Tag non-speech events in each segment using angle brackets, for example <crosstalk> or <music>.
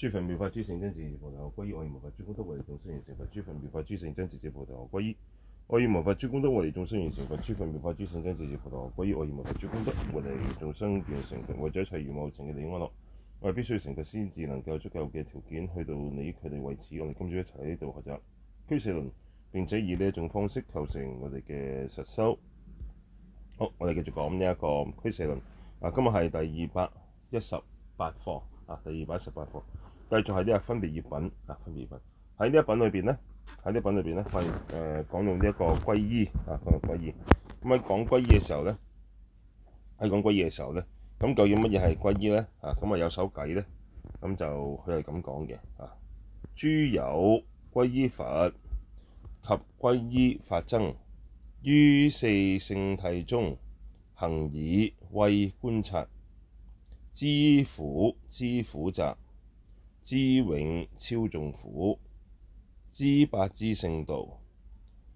諸佛妙法諸聖真子，直至菩提，我皈依，愛與無害，諸功德為利眾生而成佛。諸佛妙法諸聖真子，直至菩提，我皈依，愛與無法諸功德為利眾生成分而成佛。諸佛妙法諸聖真子，直至菩提，我皈依，愛與無法諸公德為利眾生而成佛。為咗一切如母有情嘅利安樂，我哋必須要成佛先至，能夠足夠嘅條件去到你佢哋為此。我哋今朝一齊喺度學習，俱舍論，並且以呢一種方式構成我哋嘅實修。好，我哋繼續講呢一個俱舍論。啊，今日係第二百一十八課，啊，第二百一十八課。繼續係呢一個分別業品啊！分別業品，喺呢一品裏邊咧，喺呢一品裏邊咧，係誒講到呢一個皈依啊，講到皈依，咁喺講皈依嘅時候咧，喺講皈依嘅時候咧，咁究竟乜嘢係皈依咧？啊，咁啊有首偈咧，咁就佢係咁講嘅啊。諸有皈依佛，及皈依法僧，於四聖諦中，恆以慧觀察，知苦知苦集。知永超眾苦，知八支聖道，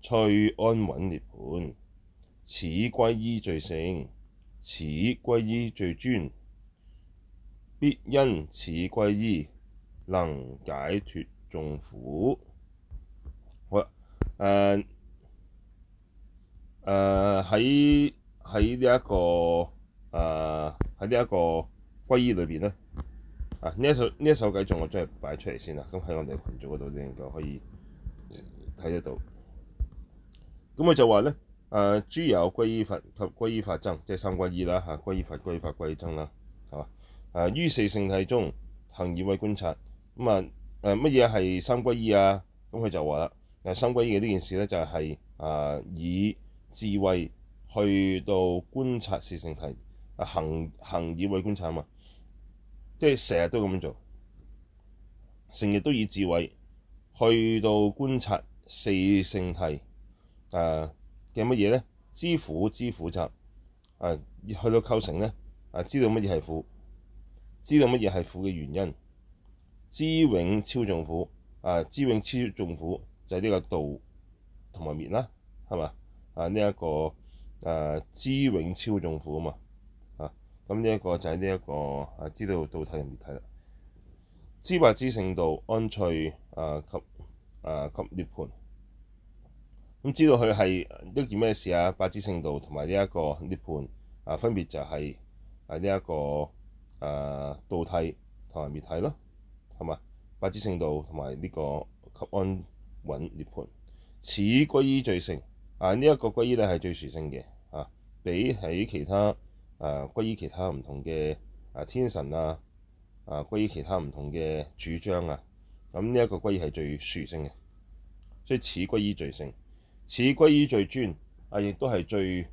趣安穩涅槃。此歸依最勝，此歸依最尊，必因此歸依，能解脫眾苦。好啦，誒誒喺喺呢一個誒喺呢一個歸依裏邊咧。啊！呢一首呢一首偈仲我真係擺出嚟先啦，咁、嗯、喺我哋群組嗰度都應該可以睇得到。咁、嗯、佢就話咧：誒、呃，諸有歸依佛及歸依法僧，即係三歸依啦嚇，歸依佛、歸依法、歸依僧啦，係嘛？誒、啊，於四聖諦中恆以慧觀察，咁啊誒乜嘢係三歸依啊？咁、嗯、佢就話啦：誒、呃，三歸依嘅呢件事咧就係、是、誒、呃、以智慧去到觀察四聖諦，恆恆以慧觀察啊嘛。即係成日都咁做，成日都以智慧去到觀察四聖諦，誒嘅乜嘢咧？知苦、知苦集，誒、啊、去到構成咧，誒、啊、知道乜嘢係苦，知道乜嘢係苦嘅原因，知永超眾苦，誒、啊、知永超眾苦就係呢個道同埋滅啦，係嘛？誒呢一個誒、啊、知永超眾苦嘛。咁呢一個就係呢一個啊，知道道諦入滅諦啦。知八支聖道安趣啊、呃，及啊、呃、及涅槃。咁、嗯、知道佢係一件咩事啊？八支聖道同埋呢一個涅槃啊，分別就係、是、啊呢一個啊道諦同埋滅諦咯，係嘛？八支聖道同埋呢個及安穩涅槃。此歸依最勝啊！呢、這、一個歸依咧係最殊勝嘅嚇，比起其他。誒、歸依、啊、其他唔同嘅誒天神啊，誒歸依其他唔同嘅主張啊，咁呢一個歸依係最殊勝嘅，所以此歸依最勝，此歸依最尊啊，亦都係最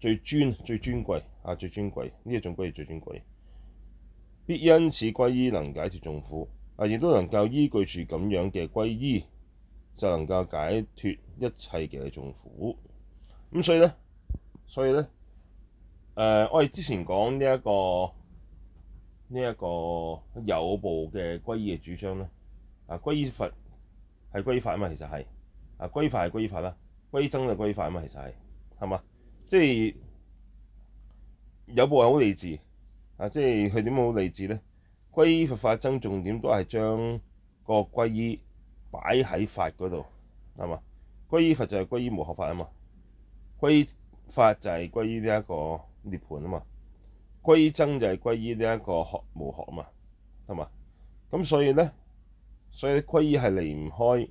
最尊最尊貴啊，最尊貴呢一種歸依最尊貴，必因此歸依能解脫眾苦啊，亦都能夠依據住咁樣嘅歸依，就能夠解脫一切嘅眾苦，咁所以咧，所以咧。誒、呃，我哋之前講呢一個呢一、這個有部嘅歸依嘅主張咧，啊，歸依佛係歸依法嘛，其實係啊，歸法係歸法啦，歸僧就歸法啊嘛，其實係係嘛，即係有部好理智啊，即係佢點樣好理智咧？歸依佛法僧重點都係將個歸依擺喺法嗰度，係嘛？歸依佛就係歸依無學法啊嘛，歸法就係歸依呢一個。涅盤啊嘛皈依僧就係皈依呢一個學無學啊嘛，係嘛？咁所以咧，所以皈依係離唔開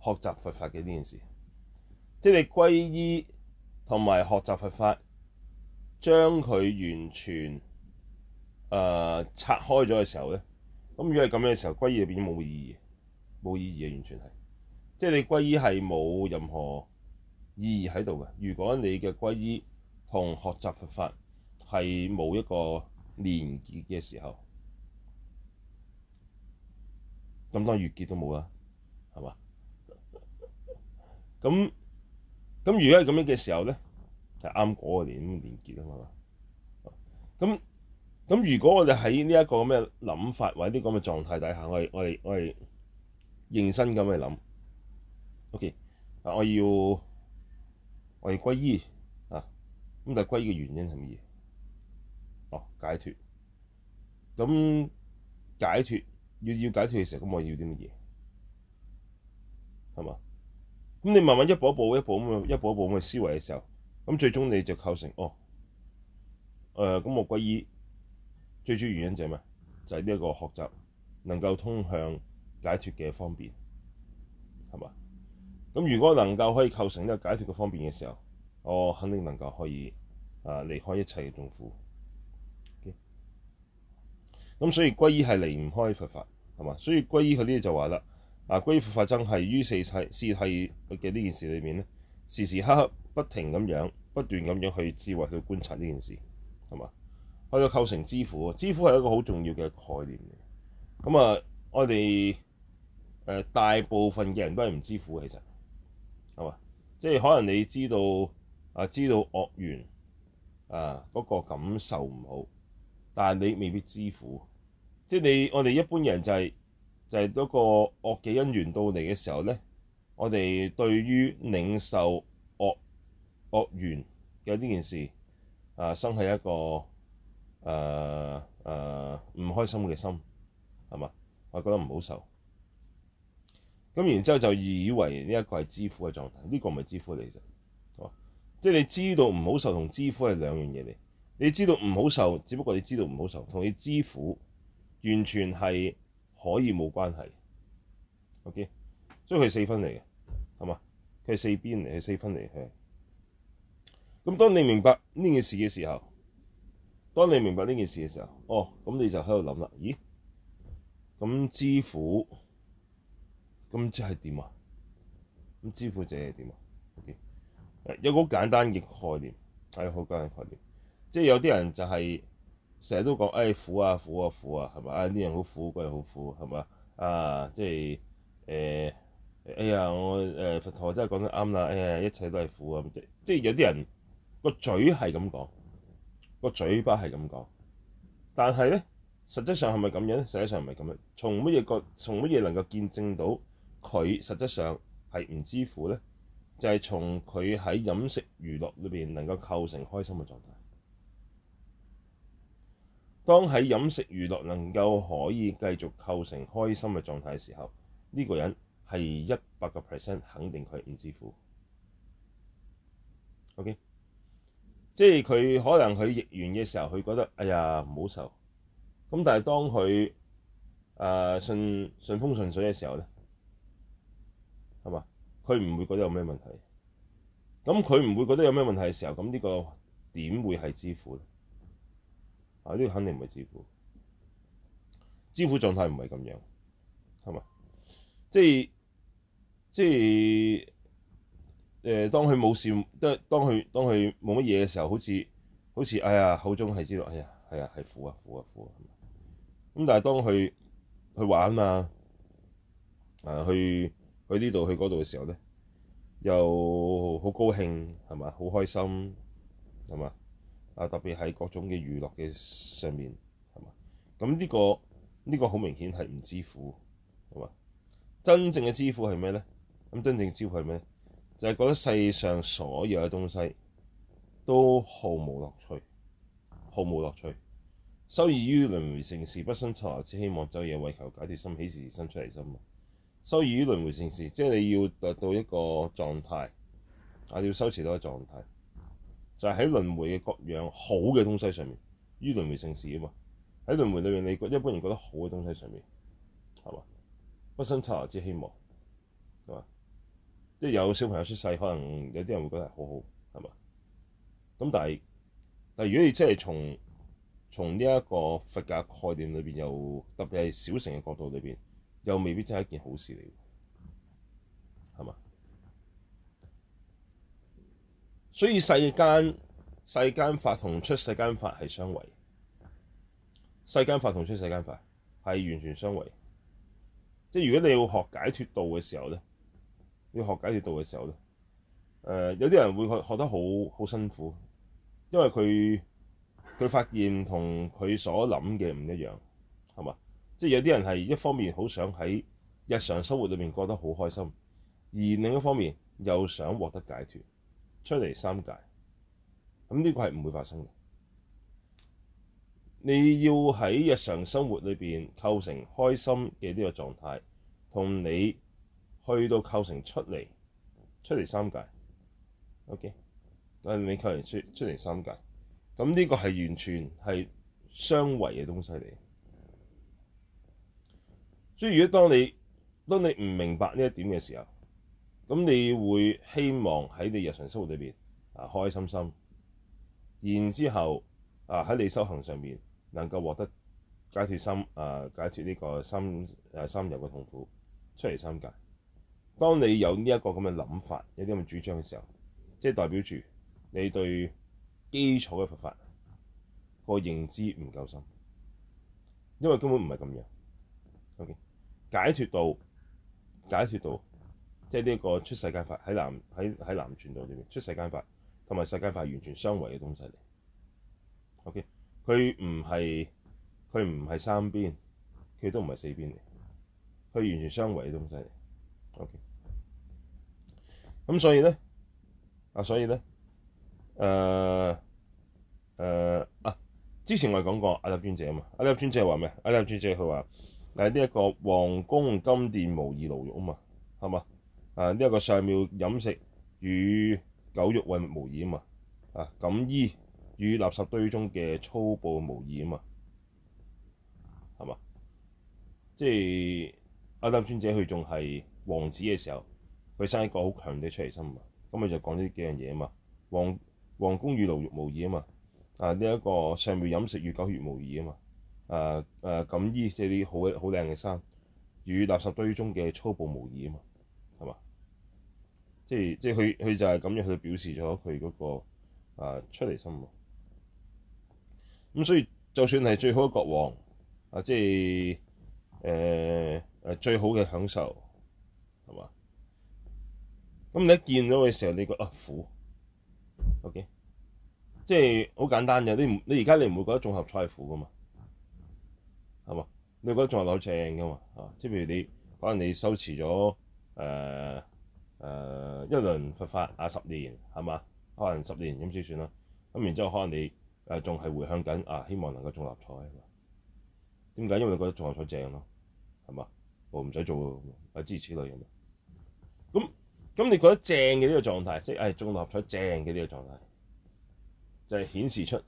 學習佛法嘅呢件事，即係你皈依同埋學習佛法，將佢完全誒、呃、拆開咗嘅時候咧，咁如果係咁樣嘅時候，皈依入面冇意義，冇意義啊，完全係，即係你皈依係冇任何意義喺度嘅，如果你嘅皈依，同學習佛法係冇一個連結嘅時候，咁當月結都冇啦，係嘛？咁咁如果係咁樣嘅時候咧，係啱嗰個年連結啊嘛。咁咁如果我哋喺呢一個咩諗法或者啲咁嘅狀態底下，我哋我哋我哋認真咁去諗。OK，嗱，我要我要皈依。咁但係歸依嘅原因係乜嘢？哦，解脫。咁解脫要要解脫嘅時候，咁我要啲乜嘢？係嘛？咁你慢慢一步一步，一步咁樣，一步一步咁樣思維嘅時候，咁最終你就構成哦，誒、呃，咁我歸依最主要原因就係咩？就係呢一個學習能夠通向解脫嘅方便，係嘛？咁如果能夠可以構成呢個解脫嘅方便嘅時候。我肯定能夠可以啊離開一切嘅痛苦，咁所以皈依係離唔開佛法，係嘛？所以皈依佢啲就話啦，啊皈依佛法真係於四諦，四諦嘅呢件事裏面咧，時時刻刻不停咁樣，不斷咁樣去智慧去觀察呢件事，係嘛？去到構成知苦，知苦係一個好重要嘅概念嘅。咁啊，我哋誒、呃、大部分嘅人都係唔知苦嘅，其實係嘛？即係可能你知道。啊！知道惡緣啊，嗰、那個感受唔好，但係你未必知苦。即係你我哋一般人就係、是、就係、是、嗰個惡嘅因緣到嚟嘅時候咧，我哋對於領受惡惡緣嘅呢件事啊，生起一個誒誒唔開心嘅心，係嘛？我覺得唔好受。咁然之後就以為呢一個係知苦嘅狀態，呢、這個唔係知苦嚟嘅。即係你知道唔好受同知苦係兩樣嘢嚟。你知道唔好受，只不過你知道唔好受，同你知苦完全係可以冇關係。OK，所以佢係四分嚟嘅，係嘛？佢係四邊嚟，係四分嚟，係。咁當你明白呢件事嘅時候，當你明白呢件事嘅時候，哦，咁你就喺度諗啦，咦？咁知苦咁即係點啊？咁知苦者係點啊？OK。有個好簡單嘅概念，係好簡單概念，即係有啲人就係成日都講，誒苦啊苦啊苦啊，係咪啊啲、啊啊、人好苦，覺好苦，係咪啊？啊，即係誒、呃，哎呀我誒佛陀真係講得啱啦，哎呀一切都係苦啊！即即有啲人個嘴係咁講，個嘴巴係咁講，但係咧實質上係咪咁樣咧？實質上唔係咁樣。從乜嘢個從乜嘢能夠見證到佢實質上係唔知苦咧？就係從佢喺飲食娛樂裏邊能夠構成開心嘅狀態。當喺飲食娛樂能夠可以繼續構成開心嘅狀態嘅時候，呢、這個人係一百個 percent 肯定佢唔知苦。O、okay? K，即係佢可能佢逆完嘅時候，佢覺得哎呀唔好受。咁但係當佢誒順順風順水嘅時候咧，係嘛？佢唔會覺得有咩問題，咁佢唔會覺得有咩問題嘅時候，咁呢個點會係支付咧？啊，呢個肯定唔係支付，支付狀態唔係咁樣，係咪？即係即係誒、呃，當佢冇事，即係當佢當佢冇乜嘢嘅時候，好似好似哎呀口中係知道，哎呀係啊係苦啊苦啊苦啊，咁、啊啊、但係當佢去玩嘛啊，啊去。去呢度去嗰度嘅時候咧，又好高興係嘛，好開心係嘛啊！特別係各種嘅娛樂嘅上面係嘛，咁呢個，呢個好明顯係唔知苦係嘛。真正嘅知苦係咩咧？咁真正知苦係咩就係覺得世上所有嘅東西都毫無樂趣，毫無樂趣。收業於輪迴城市不生塵，只希望走夜為求解脫心，喜事生出嚟心。所以於輪迴盛事，即係你要達到一個狀態，啊，要修持到一個狀態，就係、是、喺輪迴嘅各樣好嘅東西上面，於輪迴盛事啊嘛。喺輪迴裏面，你覺一般人覺得好嘅東西上面，係嘛？不生剎那之希望，係嘛？即係有小朋友出世，可能有啲人會覺得係好好，係嘛？咁但係，但係如果你真係從從呢一個佛教概念裏邊，又特別係小乘嘅角度裏邊。又未必真係一件好事嚟，係嘛？所以世間世間法同出世間法係相違，世間法同出世間法係完全相違。即係如果你要學解脱道嘅時候咧，要學解脱道嘅時候咧，誒有啲人會學學得好好辛苦，因為佢佢發現同佢所諗嘅唔一樣。即係有啲人係一方面好想喺日常生活裏面過得好開心，而另一方面又想獲得解脱，出嚟三界。咁呢個係唔會發生嘅。你要喺日常生活裏邊構成開心嘅呢個狀態，同你去到構成出嚟，出嚟三界。O.K. 但係你構成出出嚟三界，咁呢個係完全係相違嘅東西嚟。所以如果當你當你唔明白呢一點嘅時候，咁你會希望喺你日常生活裏邊啊開開心心，然之後啊喺你修行上面能夠獲得解脱心啊，解脱呢個心啊心遊嘅痛苦出離三界。當你有呢一個咁嘅諗法，有啲咁嘅主張嘅時候，即係代表住你對基礎嘅佛法個認知唔夠深，因為根本唔係咁樣。OK。解脫道，解脫道，即係呢個出世間法喺南喺喺南傳道裏面，出世間法同埋世間法完全相違嘅東西嚟。OK，佢唔係佢唔係三邊，佢都唔係四邊嚟，佢完全相違嘅東西嚟。OK，咁、嗯、所以咧啊，所以咧，誒、呃、誒、呃、啊，之前我哋講過阿立專者啊嘛，阿立專者話咩阿立專者佢話。誒呢一個王宮金殿無異牢獄啊嘛，係嘛？誒呢一個上妙飲食與狗血穢無異啊嘛，啊錦衣與垃圾堆中嘅粗布無異啊嘛，係嘛？即係阿林尊者佢仲係王子嘅時候，佢生一個好強嘅出離心啊嘛，咁咪就講呢幾樣嘢啊嘛，王王宮與牢獄無異啊嘛，啊呢一、這個上妙飲食與狗血無異啊嘛。誒誒、啊啊，錦衣即係呢啲好好靚嘅衫，與垃圾堆中嘅粗布無異啊嘛，係、那個啊、嘛？即係即係佢佢就係咁樣去表示咗佢嗰個出嚟生活。咁所以就算係最好嘅國王啊，即係誒誒最好嘅享受，係嘛？咁你一見到嘅時候，你覺得、啊、苦？OK，即係好簡單嘅，你你而家你唔會覺得綜合菜苦㗎嘛？係嘛？你覺得仲係攞正㗎嘛？啊，即係譬如你可能你修持咗誒誒一輪佛法啊十年係嘛？可能十年咁先算啦。咁然之後可能你誒仲係回向緊啊，希望能夠中六合彩。點解？因為你覺得六合彩正咯，係嘛？哦，唔使做喎，啊，支持呢類型。咁咁，你覺得正嘅呢個狀態，即係誒中六合彩正嘅呢個狀態，就係、是、顯、哎就是、示出嗰、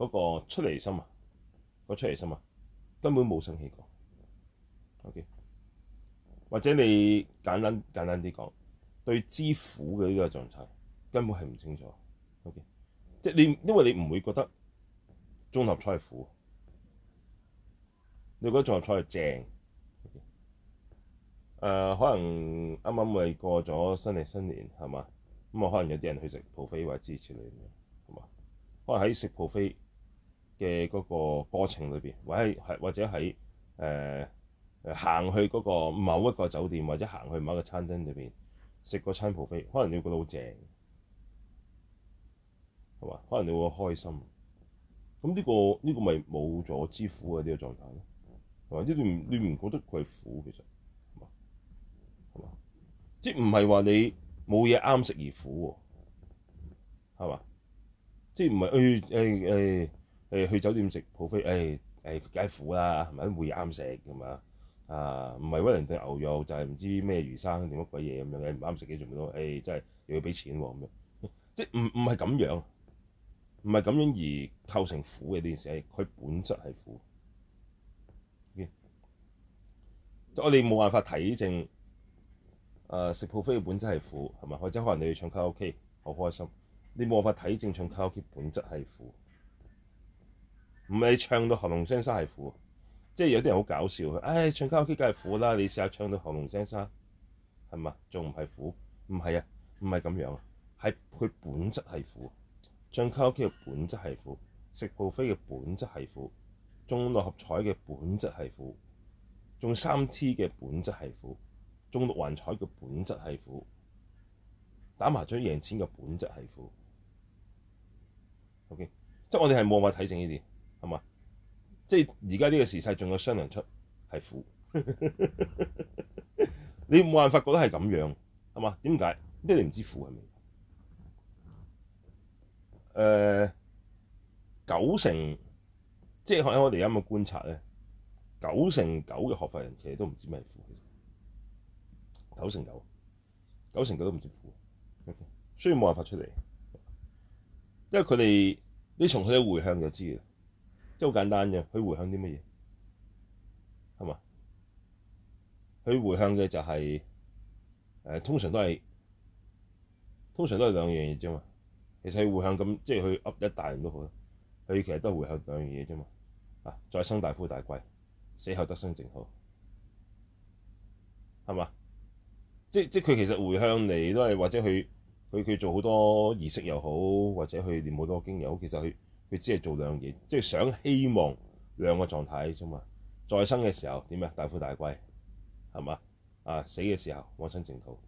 那個出離心啊，嗰、那個、出離心啊。那個根本冇生氣過，OK？或者你簡單簡單啲講，對知苦嘅呢個狀態根本係唔清楚，OK？即係你因為你唔會覺得綜合菜係苦，你覺得綜合菜係正，OK？誒、呃，可能啱啱咪過咗新年新年係嘛？咁啊、嗯，可能有啲人去食 buffet 或者自助嚟嘅，係嘛？可能喺食 buffet 嘅嗰個過程裏邊，或者係或者喺誒誒行去嗰個某一個酒店，或者行去某一個餐廳裏邊食個餐 buffet 可能你會覺得好正，係嘛？可能你會，能你會開心。咁呢、呢個呢、呢個咪冇咗之苦嘅、啊、呢、呢個狀態咯，係嘛？即係你唔你唔覺得佢苦其實係嘛係嘛？即係唔係話你冇嘢啱食而苦喎？係、欸、嘛？即係唔係誒誒誒？欸誒去酒店食 buffet，誒誒幾苦啦，係咪啲味啱食，係咪啊？唔係威靈頓牛肉就係、是、唔知咩魚生定乜鬼嘢咁樣嘅，唔啱食嘅做咩都，誒、哎、真係又要俾錢喎、啊、咁樣，即係唔唔係咁樣，唔係咁樣而構成苦嘅呢件事係佢本質係苦。我哋冇辦法體證，誒食 buffet 嘅本質係苦，係咪？或者可能你要唱卡拉 OK 好開心，你冇辦法體證唱卡拉 OK 本質係苦。唔係唱到喉嚨聲沙係苦，啊，即係有啲人好搞笑。唉、哎、唱卡拉 OK 梗係苦啦，你試下唱到喉嚨聲沙係嘛？仲唔係苦？唔係啊，唔係咁樣啊，係佢本質係苦。唱卡拉 OK 嘅本質係苦，食 buffet 嘅本質係苦，中六合彩嘅本質係苦，中三 T 嘅本質係苦，中六環彩嘅本質係苦，打麻將贏錢嘅本質係苦。OK，即係我哋係冇法睇成呢啲。係嘛？即係而家呢個時勢，仲有商量出係苦，你冇辦法覺得係咁樣係嘛？點解？因為你唔知苦係咩誒？九成即係學喺我哋而家咁嘅觀察咧，九成九嘅學法人其實都唔知咩苦，其實九成九、九成九都唔知苦，Okay。雖然冇辦法出嚟，因為佢哋你從佢哋回向就知嘅。好簡單嘅，佢回向啲乜嘢？係嘛？佢回向嘅就係、是、誒、呃，通常都係通常都係兩樣嘢啫嘛。其實佢回向咁，即係佢噏一大人都好，佢其實都係回向兩樣嘢啫嘛。啊，再生大富大貴，死後得生正好，係嘛？即即佢其實回向嚟都係，或者佢佢佢做好多儀式又好，或者去念好多經又好，其實佢。佢只係做兩嘢，即係想希望兩個狀態啫嘛。再生嘅時候點呀？大富大貴，係嘛？啊，死嘅時候往生淨土。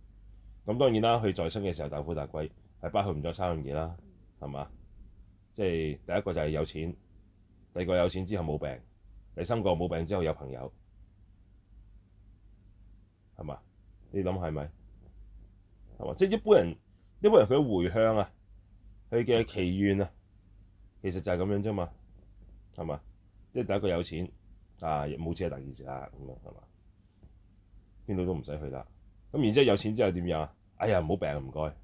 咁當然啦，佢再生嘅時候大富大貴，係包括唔咗三樣嘢啦，係嘛？即係第一個就係有錢，第二個有錢之後冇病，第三個冇病之後有朋友，係嘛？你諗係咪？係嘛？即係一般人，一般人佢回向啊，佢嘅祈願啊。其實就係咁樣啫嘛，係嘛？即係第一個有錢啊，冇錢係大件事啦，咁樣係嘛？邊度都唔使去啦。咁然之後有錢之後點樣啊？哎呀，唔好病唔該，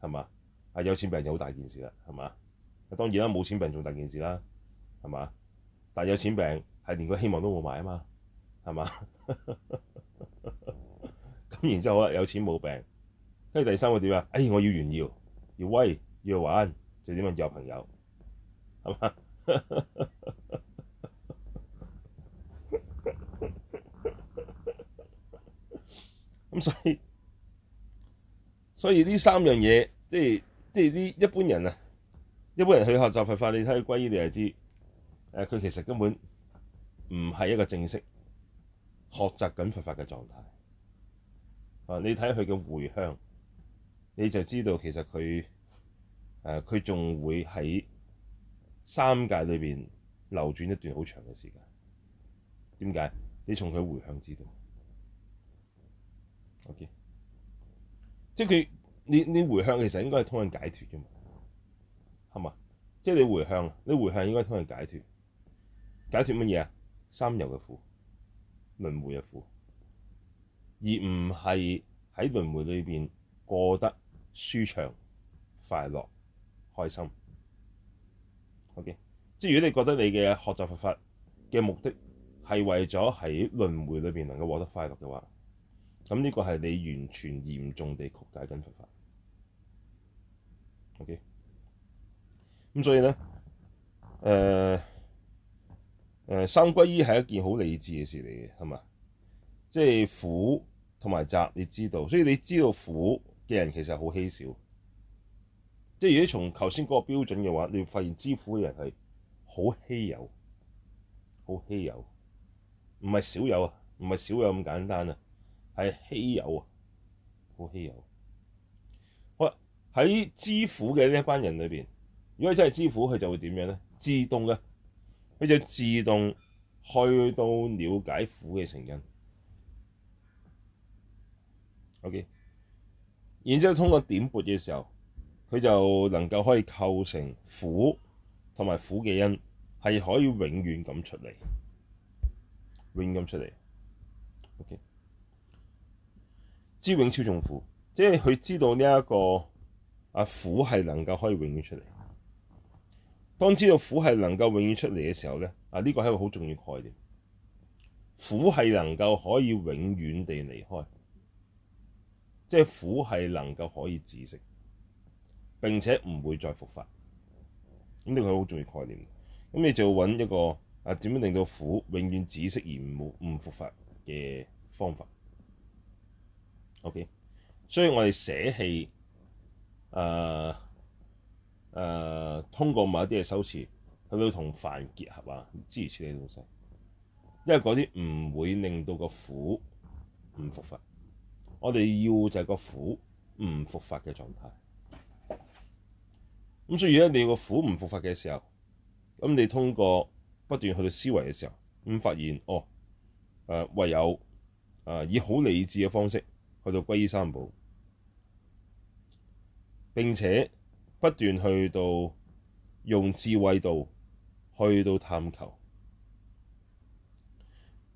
係嘛？啊有錢病就好大件事啦，係嘛？當然啦，冇錢病仲大件事啦，係嘛？但係有錢病係連個希望都冇埋啊嘛，係嘛？咁 <laughs> 然之後好啦，有錢冇病，跟住第三個點啊？哎，我要炫耀，要威，要玩，要玩就點樣？有朋友。係嘛？咁是 <laughs> <laughs> 所以所以呢三樣嘢，即係即係呢一般人啊，一般人去學習佛法，你睇佢皈依，你係知誒，佢其實根本唔係一個正式學習緊佛法嘅狀態。啊，你睇佢嘅回向，你就知道其實佢誒，佢、啊、仲會喺。三界裏邊流轉一段好長嘅時間，點解？你從佢回向知道，OK，即係佢你你回向其實應該係通向解脫啫嘛，係嘛？即係你回向，你回向應該通向解脫，解脫乜嘢啊？三有嘅苦、輪迴嘅苦，而唔係喺輪迴裏邊過得舒暢、快樂、開心。O.K.，即係如果你覺得你嘅學習佛法嘅目的係為咗喺輪迴裏邊能夠獲得快樂嘅話，咁呢個係你完全嚴重地曲解緊佛法。O.K.，咁所以咧，誒、呃、誒，三皈依係一件好理智嘅事嚟嘅，係咪？即係苦同埋集，你知道，所以你知道苦嘅人其實好稀少。即係如果從頭先嗰個標準嘅話，你會發現知苦嘅人係好稀有，好稀有，唔係少有啊，唔係少有咁簡單啊，係稀有啊，好稀有。好，喺知苦嘅呢一班人裏邊，如果真係知苦，佢就會點樣咧？自動嘅，佢就自動去到了解苦嘅成因。OK，然之後通過點撥嘅時候。佢就能夠可以構成苦同埋苦嘅因，係可以永遠咁出嚟，永咁出嚟。OK，知永超眾苦，即係佢知道呢一個啊苦係能夠可以永遠出嚟。當知道苦係能夠永遠出嚟嘅時候咧，啊呢個係一個好重要概念。苦係能夠可以永遠地離開，即係苦係能夠可以止息。並且唔會再復發，咁呢個係好重要概念。咁你就要揾一個啊，點樣令到苦永遠止息而唔唔復發嘅方法？OK，所以我哋捨棄誒誒、呃呃，通過某啲嘅修持，佢會同煩結合啊，諸如此類嘅東西，因為嗰啲唔會令到個苦唔復發。我哋要就係個苦唔復發嘅狀態。咁所以咧，你個苦唔復發嘅時候，咁你通過不斷去到思維嘅時候，咁發現哦，唯有以好理智嘅方式去到皈依三寶，並且不斷去到用智慧度去到探求。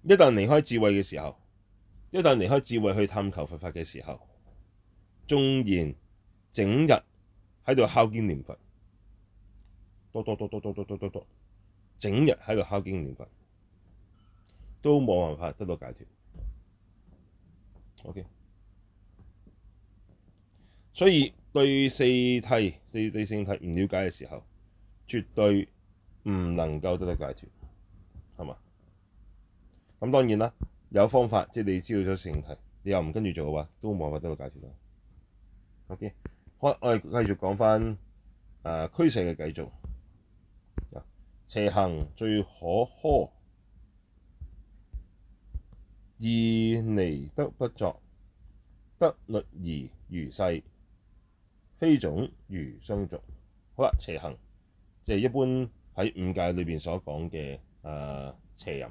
一旦離開智慧嘅時候，一旦離開智慧去探求佛法嘅時候，縱然整日喺度敲經念佛。多多多多多多多，整日喺度敲經念佛，都冇辦法得到解脫。O、okay. K，所以對四諦四四聖諦唔了解嘅時候，絕對唔能夠得到解脫，係嘛？咁當然啦，有方法即係你知道咗四聖諦，你又唔跟住做嘅話，都冇辦法得到解脫啦。O K，好，我哋繼續講翻誒俱舍嘅繼續。邪行最可呵，易離得不作，得律儀如誓，非總於相續。好啦，邪行即係、就是、一般喺五戒裏邊所講嘅誒邪淫。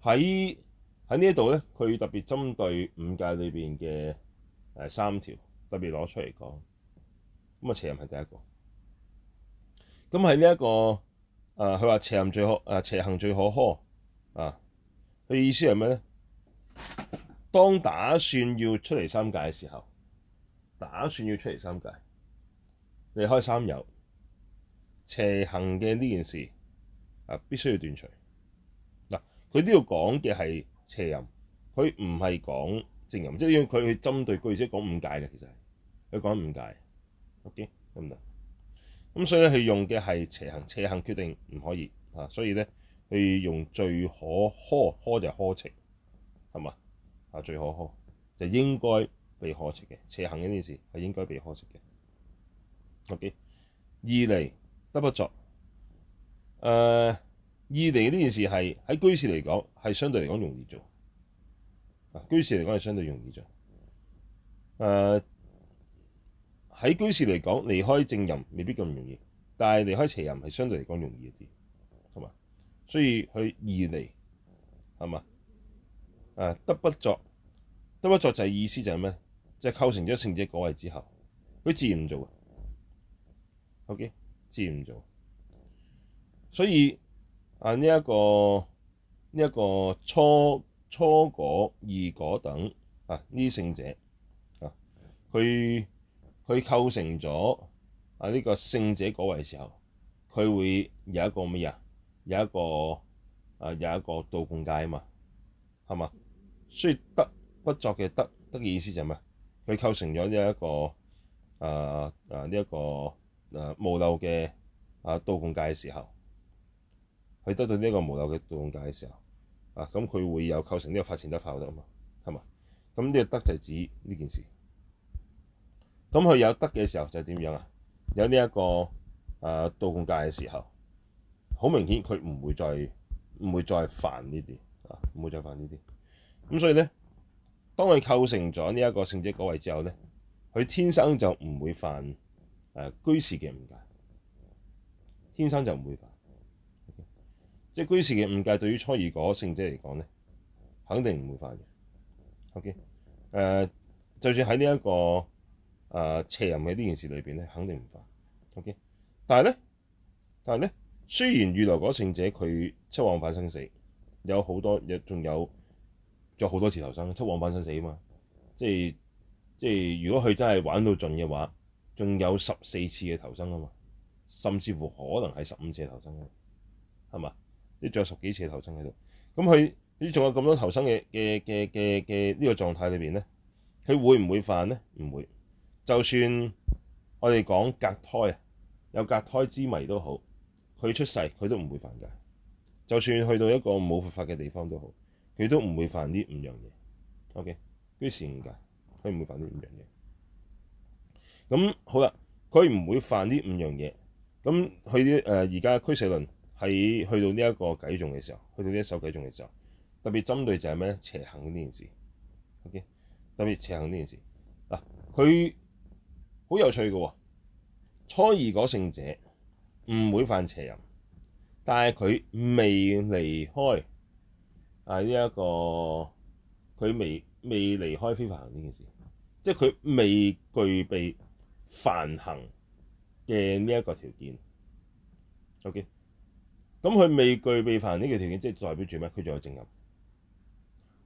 喺喺呢一度咧，佢特別針對五戒裏邊嘅誒三條，特別攞出嚟講。咁啊，邪淫係第一個。咁喺呢一個。啊！佢話邪淫最可，啊邪行最可呵。啊、呃，佢意思係咩咧？當打算要出嚟三界嘅時候，打算要出嚟三界，離開三有邪行嘅呢件事啊、呃、必須要斷除。嗱、呃，佢呢度講嘅係邪淫，佢唔係講正淫，即係因為佢去針對居士講五戒嘅，其實係佢講五戒 OK 得唔得？咁所以佢用嘅係邪行，邪行決定唔可以啊。所以咧，佢用最可呵，呵就呵斥，係嘛啊？最可呵就是、應該被呵斥嘅，邪行呢件事係應該被呵斥嘅。OK 二、啊。易離得不作，誒易離呢件事係喺居士嚟講係相對嚟講容易做啊，居士嚟講係相對容易做，誒、啊。喺居士嚟講，離開正淫未必咁容易，但係離開邪淫係相對嚟講容易一啲，係嘛？所以佢易離係嘛？啊，得不作，得不作就係意思就係咩？就係、是、構成咗聖者果位之後，佢自然唔做嘅。OK，自然唔做。所以啊，呢、這、一個呢一、這個初初果、二果、果等啊，呢啲聖者啊，佢。佢構成咗啊！呢、這個聖者嗰位時候，佢會有一個咩啊？有一個啊，有一個道共戒啊嘛，係嘛？所以得不作嘅得，得嘅意思就係咩？佢構成咗呢一個啊啊呢一、啊這個啊無漏嘅啊道共戒嘅時候，佢得到呢一個無漏嘅道共戒嘅時候啊，咁、嗯、佢會有構成呢個法前得法後得啊嘛，係嘛？咁、嗯、呢、這個得就係指呢件事。咁佢有得嘅時候就點樣啊？有呢、這、一個誒刀光界嘅時候，好明顯佢唔會再唔會再犯呢啲啊，唔會再犯呢啲咁。所以咧，當佢構成咗呢一個聖者果位之後咧，佢天生就唔會犯誒、呃、居士嘅五戒，天生就唔會犯。Okay? 即係居士嘅五戒對於初二果聖者嚟講咧，肯定唔會犯嘅。Okay，誒，就算喺呢一個。啊、呃！邪淫喺呢件事裏邊咧，肯定唔犯。OK，但係咧，但係咧，雖然預流果聖者佢七往返生死，有好多，還有仲有再好多次投生，七往返生死啊嘛。即係即係，如果佢真係玩到盡嘅話，仲有十四次嘅投生啊嘛。甚至乎可能係十五次嘅投生，係嘛？你仲有十幾次嘅投生喺度，咁佢仲有咁多投生嘅嘅嘅嘅嘅呢個狀態裏邊咧，佢會唔會犯咧？唔會。就算我哋講隔胎啊，有隔胎之迷都好，佢出世佢都唔會犯㗎。就算去到一個冇佛法嘅地方都好，佢都唔會犯呢五樣嘢。O.K. 於是五戒，佢唔會犯呢五樣嘢。咁好啦，佢唔會犯呢五樣嘢。咁去啲誒，而家俱舍論係去到呢一個偈頌嘅時候，去到呢一首偈頌嘅時候，特別針對就係咩邪行呢件事。O.K. 特別邪行呢件事嗱，佢、啊。好有趣嘅喎、啊，初二果聖者唔會犯邪淫，但係佢未離開啊，呢、這、一個佢未未離開非梵行呢件事，即係佢未具備梵行嘅呢一個條件。OK，咁佢未具備梵行呢個條件，即係代表住咩？佢仲有正淫，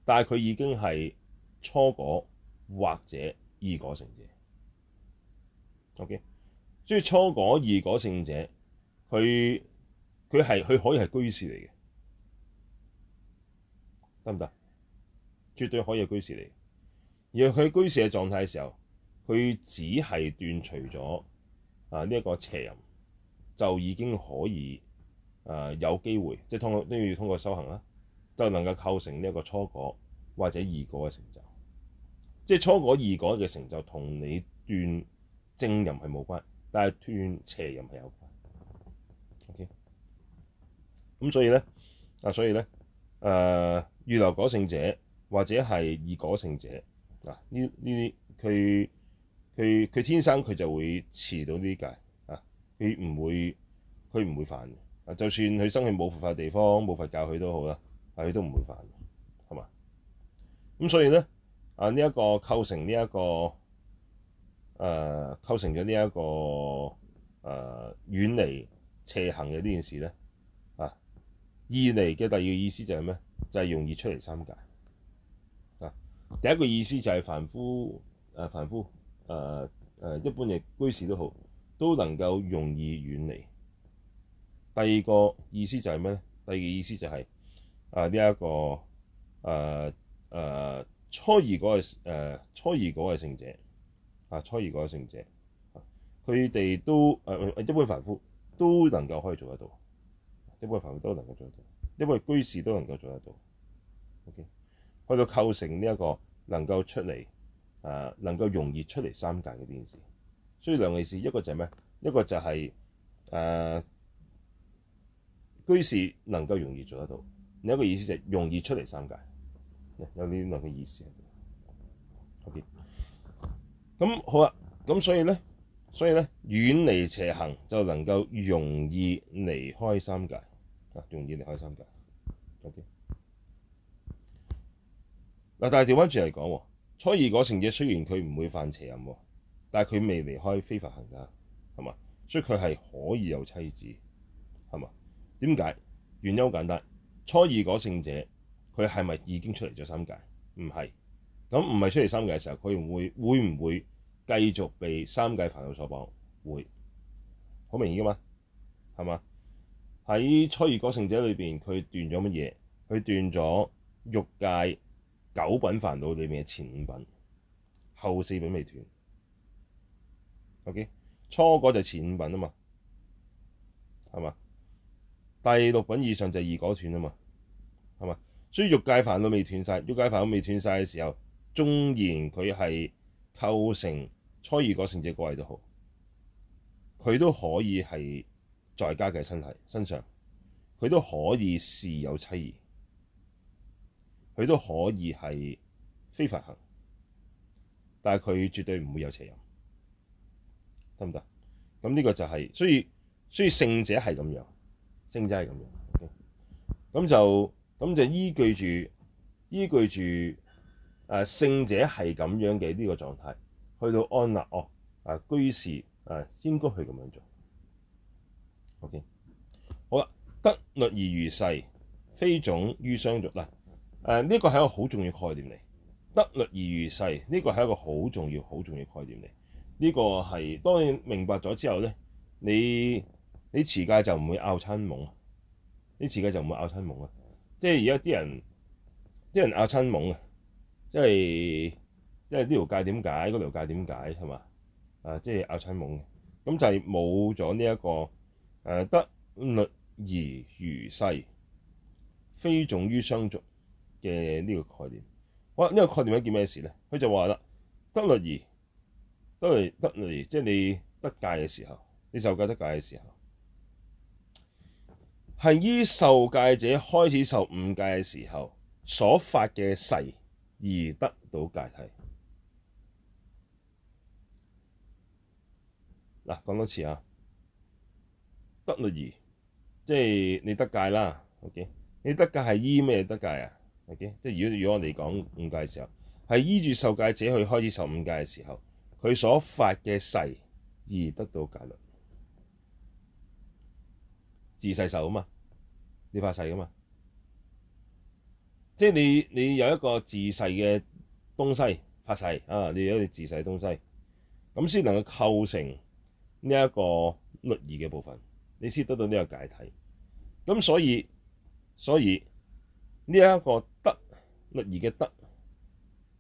但係佢已經係初果或者二果聖者。O.K.，所以初果、二果聖者，佢佢係佢可以係居士嚟嘅，得唔得？絕對可以係居士嚟嘅。而佢居士嘅狀態嘅時候，佢只係斷除咗啊呢一個邪淫，就已經可以啊有機會，即係通過都要通過修行啦，就能夠構成呢一個初果或者二果嘅成就。即係初果、二果嘅成就同你斷。正淫係冇關，但係斷邪淫係有關。O K，咁所以咧啊，所以咧誒，預、呃、流果聖者或者係二果聖者嗱，呢呢啲佢佢佢天生佢就會持到呢啲戒啊，佢唔會佢唔會犯嘅。啊，就算佢生喺冇佛法地方，冇佛教佢都好啦，但、啊、佢都唔會犯嘅，係嘛？咁、嗯、所以咧啊，呢、這、一個構成呢、這、一個。誒、啊、構成咗呢一個誒、啊、遠離邪行嘅呢件事咧啊，易離嘅第二個意思就係咩？就係、是、容易出離三界啊！第一個意思就係凡夫誒、啊、凡夫誒誒、啊啊、一般嘅居士都好，都能夠容易遠離。第二個意思就係咩咧？第二個意思就係、是、啊呢一、這個誒誒、啊啊、初二嗰個、啊、初二嗰個聖者。啊，初二果聖者，啊，佢哋都誒一般凡夫都能夠可以做得到，一般凡夫都能夠做得到，一般居士都能夠做得到。OK，去到構成呢一個能夠出嚟，誒、呃、能夠容易出嚟三界嘅呢件事，所以兩個意思，一個就係咩？一個就係、是、誒、呃、居士能夠容易做得到，另一個意思就係容易出嚟三界，有呢兩個意思。OK。咁好啦、啊，咁所以咧，所以咧，遠離邪行就能夠容易離開三界，啊，容易離開三界。OK。嗱，但係調翻轉嚟講，初二果聖者雖然佢唔會犯邪淫，但係佢未離開非梵行噶，係嘛？所以佢係可以有妻子，係嘛？點解？原因好簡單，初二果聖者佢係咪已經出嚟咗三界？唔係。咁唔係出嚟三界嘅時候，佢會會唔會？會繼續被三界煩惱所綁，會，好明顯噶嘛，係嘛？喺初二果聖者裏邊，佢斷咗乜嘢？佢斷咗欲界九品煩惱裏面嘅前五品，後四品未斷。OK，初果就前五品啊嘛，係嘛？第六品以上就二果斷啊嘛，係嘛？所以欲界煩惱未斷晒，欲界煩惱未斷晒嘅時候，縱然佢係構成。初二個聖者，各位都好，佢都可以係在家嘅身體身上，佢都可以係有妻兒，佢都可以係非梵行，但係佢絕對唔會有邪淫，得唔得？咁呢個就係、是、所以所以聖者係咁樣，聖者係咁樣。咁、okay? 就咁就依據住依據住誒、呃、聖者係咁樣嘅呢、這個狀態。去到安立哦，啊居士啊，先該去咁樣做。OK，好啦，得律儀如誓，非總於相續。嗱、呃，誒、這、呢個係一個好重要概念嚟。得律儀如誓，呢、這個係一個好重要、好重要概念嚟。呢、這個係當你明白咗之後咧，你你持戒就唔會拗親懵啊，你持戒就唔會拗親懵啊。即係而家啲人，啲人拗親懵啊，即係。即係呢條戒點解？嗰條戒點解係嘛？啊，即係咬親懵嘅咁就係冇咗呢一個誒、啊、得律儀如誓，非總於相續嘅呢個概念。哇！呢、這個概念係叫咩事咧？佢就話啦，得律儀，得律儀，得律儀，即係你得戒嘅時候，你受戒得戒嘅時候，係依受戒者開始受五戒嘅時候所發嘅誓而得到戒體。嗱，講多次啊，得律儀，即係你得戒啦。O K，你得戒係依咩得戒啊？O K，即係如果如果我哋講五戒嘅時候，係依住受戒者去開始受五戒嘅時候，佢所發嘅誓而得到戒律，自誓受啊嘛，你發誓噶嘛，即係你你有一個自誓嘅東西發誓啊，你有一個自誓嘅東西咁先能夠構成。呢一個律儀嘅部分，你先得到呢個戒體。咁所以，所以呢一個得律儀嘅得，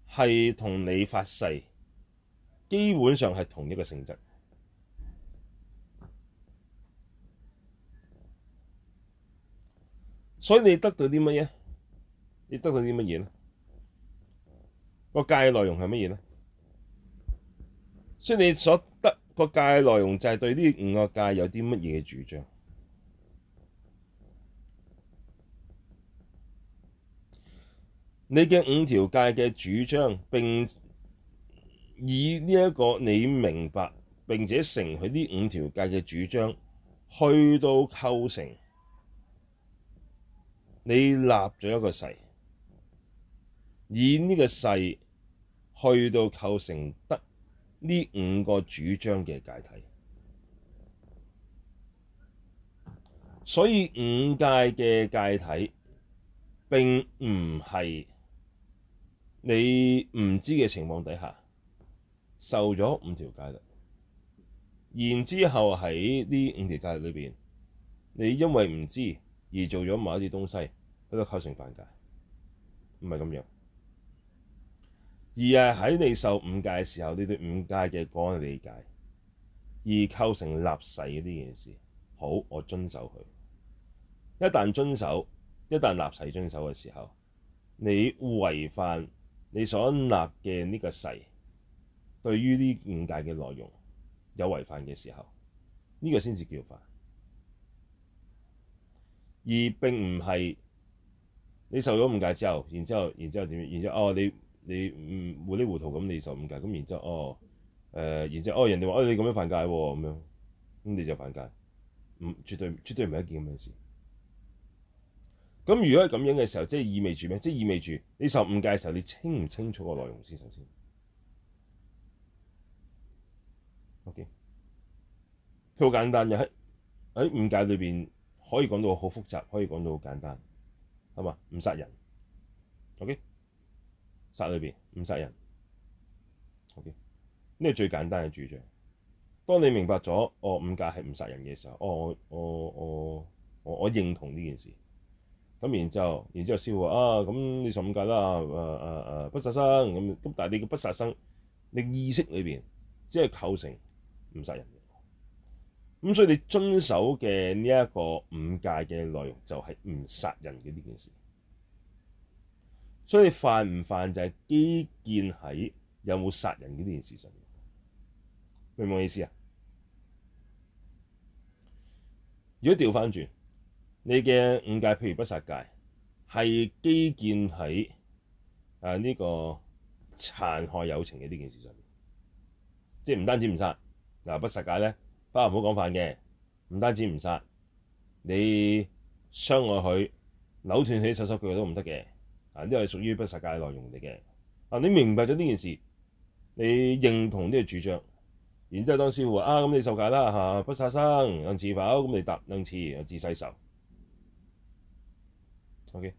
係同你發誓基本上係同一個性質。所以你得到啲乜嘢？你得到啲乜嘢咧？個戒嘅內容係乜嘢咧？所以你所得，個戒內容就係對呢五個戒有啲乜嘢主張？你嘅五條戒嘅主張，並以呢一個你明白並且承佢呢五條戒嘅主張，去到構成你立咗一個誓，以呢個誓去到構成得。呢五個主張嘅戒體，所以五戒嘅戒體並唔係你唔知嘅情況底下受咗五條戒嘅，然之後喺呢五條戒裏邊，你因為唔知而做咗某啲東西，喺度構成犯戒，唔係咁樣。而係喺你受五戒嘅時候，你對五戒嘅講嘅理解而構成立誓嘅呢件事。好，我遵守佢。一旦遵守，一旦立誓遵守嘅時候，你違犯你所立嘅呢個誓對於呢五戒嘅內容有違犯嘅時候，呢個先至叫犯。而並唔係你受咗五戒之後，然之後，然之後點？然之後哦，你。你唔糊裏糊塗咁，你受五戒咁，然之後哦，誒、呃，然之後哦，人哋話哦，你咁樣犯戒喎、啊，咁樣，咁你就犯戒，唔絕對，絕對唔係一件咁樣事。咁如果係咁樣嘅時候，即係意味住咩？即係意味住你受五戒嘅時候，你清唔清，清楚個內容先？首先，OK，佢好簡單嘅喺喺五戒裏邊，可以講到好複雜，可以講到好簡單，係嘛？唔殺人，OK。殺裏邊唔殺人，OK，呢個最簡單嘅主張。當你明白咗哦五戒係唔殺人嘅時候，哦哦哦哦我認同呢件事。咁然之後，然之後先話啊，咁你十五戒啦啊啊啊不殺生咁。咁但係你嘅不殺生，你意識裏邊只係構成唔殺人嘅。咁所以你遵守嘅呢一個五戒嘅內容就係唔殺人嘅呢件事。所以犯唔犯就係基建喺有冇殺人呢件事上面，明唔明我意思啊？如果調翻轉，你嘅五戒譬如不殺戒，係基建喺誒呢個殘害友情嘅呢件事上面，即係唔單止唔殺嗱，不殺戒咧，包唔好講犯嘅，唔單止唔殺，你傷害佢、扭斷佢手手腳腳都唔得嘅。啊！呢個係屬於不殺戒嘅內容嚟嘅。啊，你明白咗呢件事，你認同呢個主張，然之後當師傅啊，咁你受戒啦嚇，不殺生，能持否？咁你答能持，自細受。OK。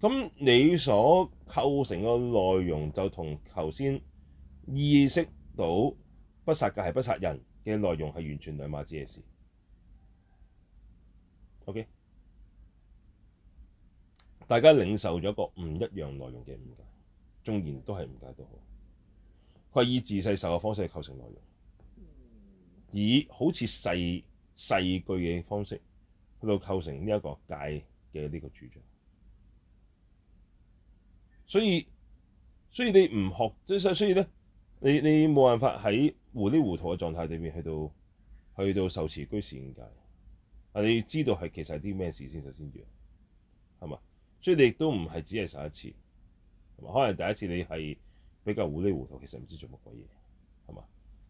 咁你所構成個內容就同頭先意識到不殺戒係不殺人嘅內容係完全兩碼子嘅事。OK。大家領受咗一個唔一樣內容嘅五戒，縱然都係五戒都好，佢係以自細受嘅方式去構成內容，以好似細細句嘅方式去到構成呢一個戒嘅呢個主張。所以，所以你唔學，所以所以咧，你你冇辦法喺糊裏糊塗嘅狀態裏面去到去到受持居士五戒。啊，你要知道係其實係啲咩事先，首先要係嘛？所以你亦都唔係只係受一次，同埋可能第一次你係比較糊裏糊塗，其實唔知做乜鬼嘢，係嘛？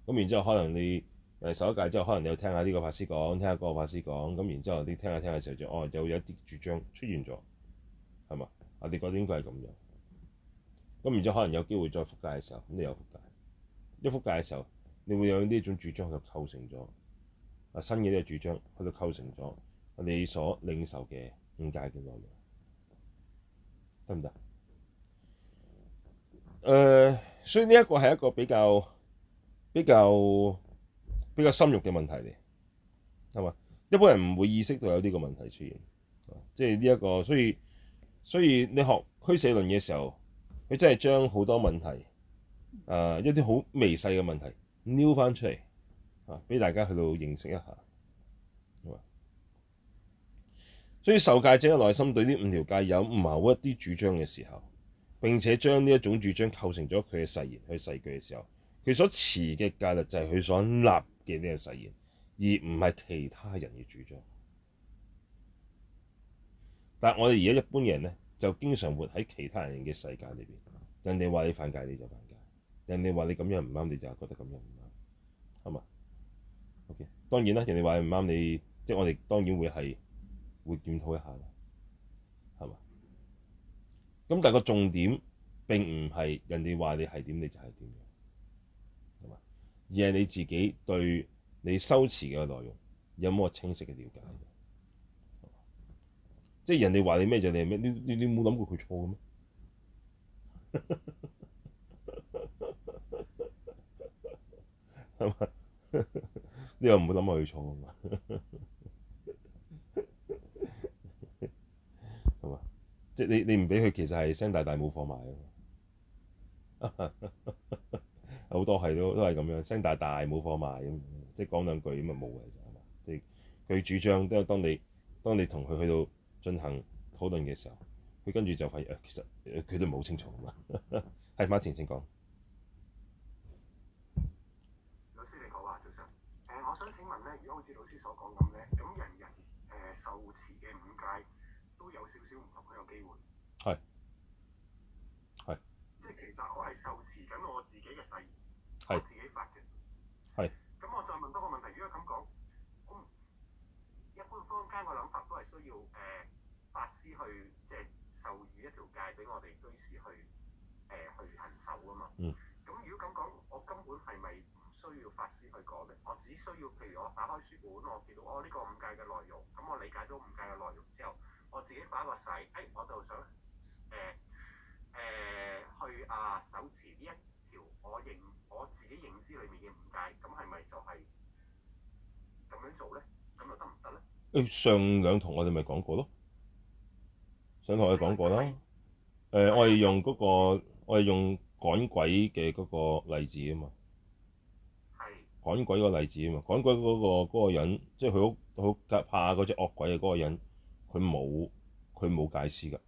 咁然之後可能你誒受一戒之後，可能你聽下呢個法師講，聽下嗰個法師講，咁然之後你聽下聽下時候就哦，又有一啲主張出現咗，係嘛？啊，你覺得應該係咁樣。咁然之後可能有機會再復戒嘅時候，咁你有復戒。一復戒嘅時候，你會有呢一種主張去構成咗啊新嘅呢個主張，去到構成咗你所領受嘅五戒嘅內容。得唔得？誒、呃，所以呢一個係一個比較比較比較深入嘅問題嚟，係嘛？一般人唔會意識到有呢個問題出現，啊、即係呢一個，所以所以你學俱舍論嘅時候，你真係將好多問題，誒、啊，一啲好微細嘅問題撩翻出嚟，啊，俾大家去到認識一下。所以受戒者嘅內心對呢五條戒有某一啲主張嘅時候，並且將呢一種主張構成咗佢嘅誓言去誓句嘅時候，佢所持嘅戒律就係佢所立嘅呢個誓言，而唔係其他人嘅主張。但係我哋而家一般人咧，就經常活喺其他人嘅世界裏邊。人哋話你犯戒你就犯戒，人哋話你咁樣唔啱你就覺得咁樣唔啱，係咪？OK，當然啦，人哋話你唔啱，即係我哋當然會係。會檢討一下咧，係嘛？咁但係個重點並唔係人哋話你係點你就係點樣，係嘛？而係你自己對你修辭嘅內容有冇清晰嘅了解？即係人哋話你咩就你係咩？你你你冇諗過佢錯嘅咩？係嘛？你，你，過 <laughs> 是吧 <laughs> 你又唔會諗下佢錯嘅嘛？ <laughs> 即係你你唔俾佢，其實係聲大大冇貨賣咯。好 <laughs> 多係都都係咁樣，聲大大冇貨賣咁。即係講兩句乜冇嘅時候，即係佢主張都當你當你同佢去到進行討論嘅時候，佢跟住就發現、呃、其實誒佢、呃、都唔係好清楚啊。係 <laughs> Martin 先講。機會係係，即係其實我係受持緊我自己嘅誓言的，我自己發嘅誓係。咁的我再問多個問題，如果咁講，咁一般坊間嘅諗法都係需要誒、呃、法師去即係授予一條戒俾我哋居士去誒、呃、去行受啊嘛。嗯。咁如果咁講，我根本係咪唔需要法師去講嘅？我只需要譬如我打開書本，我見到我呢個五戒嘅內容，咁我理解到五戒嘅內容之後。自己把個洗，誒，我就想誒誒去啊，手持呢一條我認我自己認知裡面嘅誤解，咁係咪就係咁樣做咧？咁又得唔得咧？誒，上兩堂我哋咪講過咯，上堂我哋講過啦。誒，我係用嗰個我係用趕鬼嘅嗰個例子啊嘛，趕鬼個例子啊嘛，趕鬼嗰個嗰個人，即係佢好好怕嗰隻惡鬼嘅嗰個人，佢冇。佢冇解釋㗎。